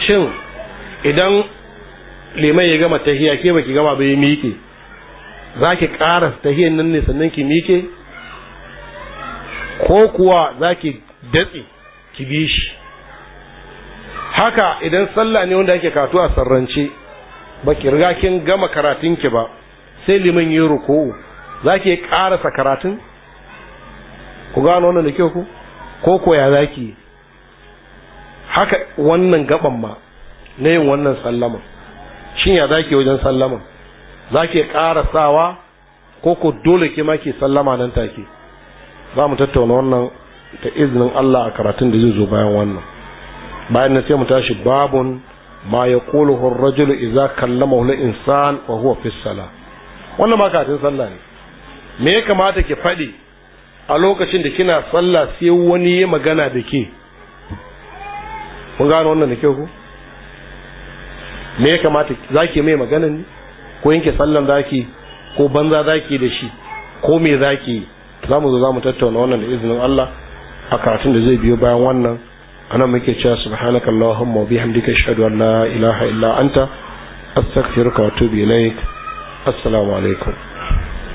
shin idan liman ya gama tahiya ke baki gama bai miƙe za ki ƙara tahiyan nan ne sannan ki miƙe ko kuwa za ki datse ki bi shi haka idan sallah ne wanda ake katu a sarrance ba ki riga kin gama karatun ki ba sai liman yi ruku za ki ƙarasa karatun ku gano wannan da kyau ku ko koya zaki haka wannan gaban ma na yin wannan sallama shin ya zaki wajen sallama zaki ƙara sawa ko ko dole ke ma ke sallama nan take za mu tattauna wannan ta izinin Allah a karatun da zai zo bayan wannan bayan na sai mu tashi babun ma ya kuluhu rajulu iza kallamahu al-insan wa huwa fi wannan ma kafin sallah ne me ya kamata ki faɗi a lokacin da kina sallah sai wani ya magana da ke kun gano wannan da kyau ku me ya kamata za ki mai magana ne ko yanke sallan za ki ko banza za ki da shi ko me za ki za mu zo za mu tattauna wannan da izinin Allah a karatun da zai biyo bayan wannan ana muke cewa subhanaka allahumma wa bihamdika ashhadu an la ilaha illa anta astaghfiruka wa atubu assalamu alaikum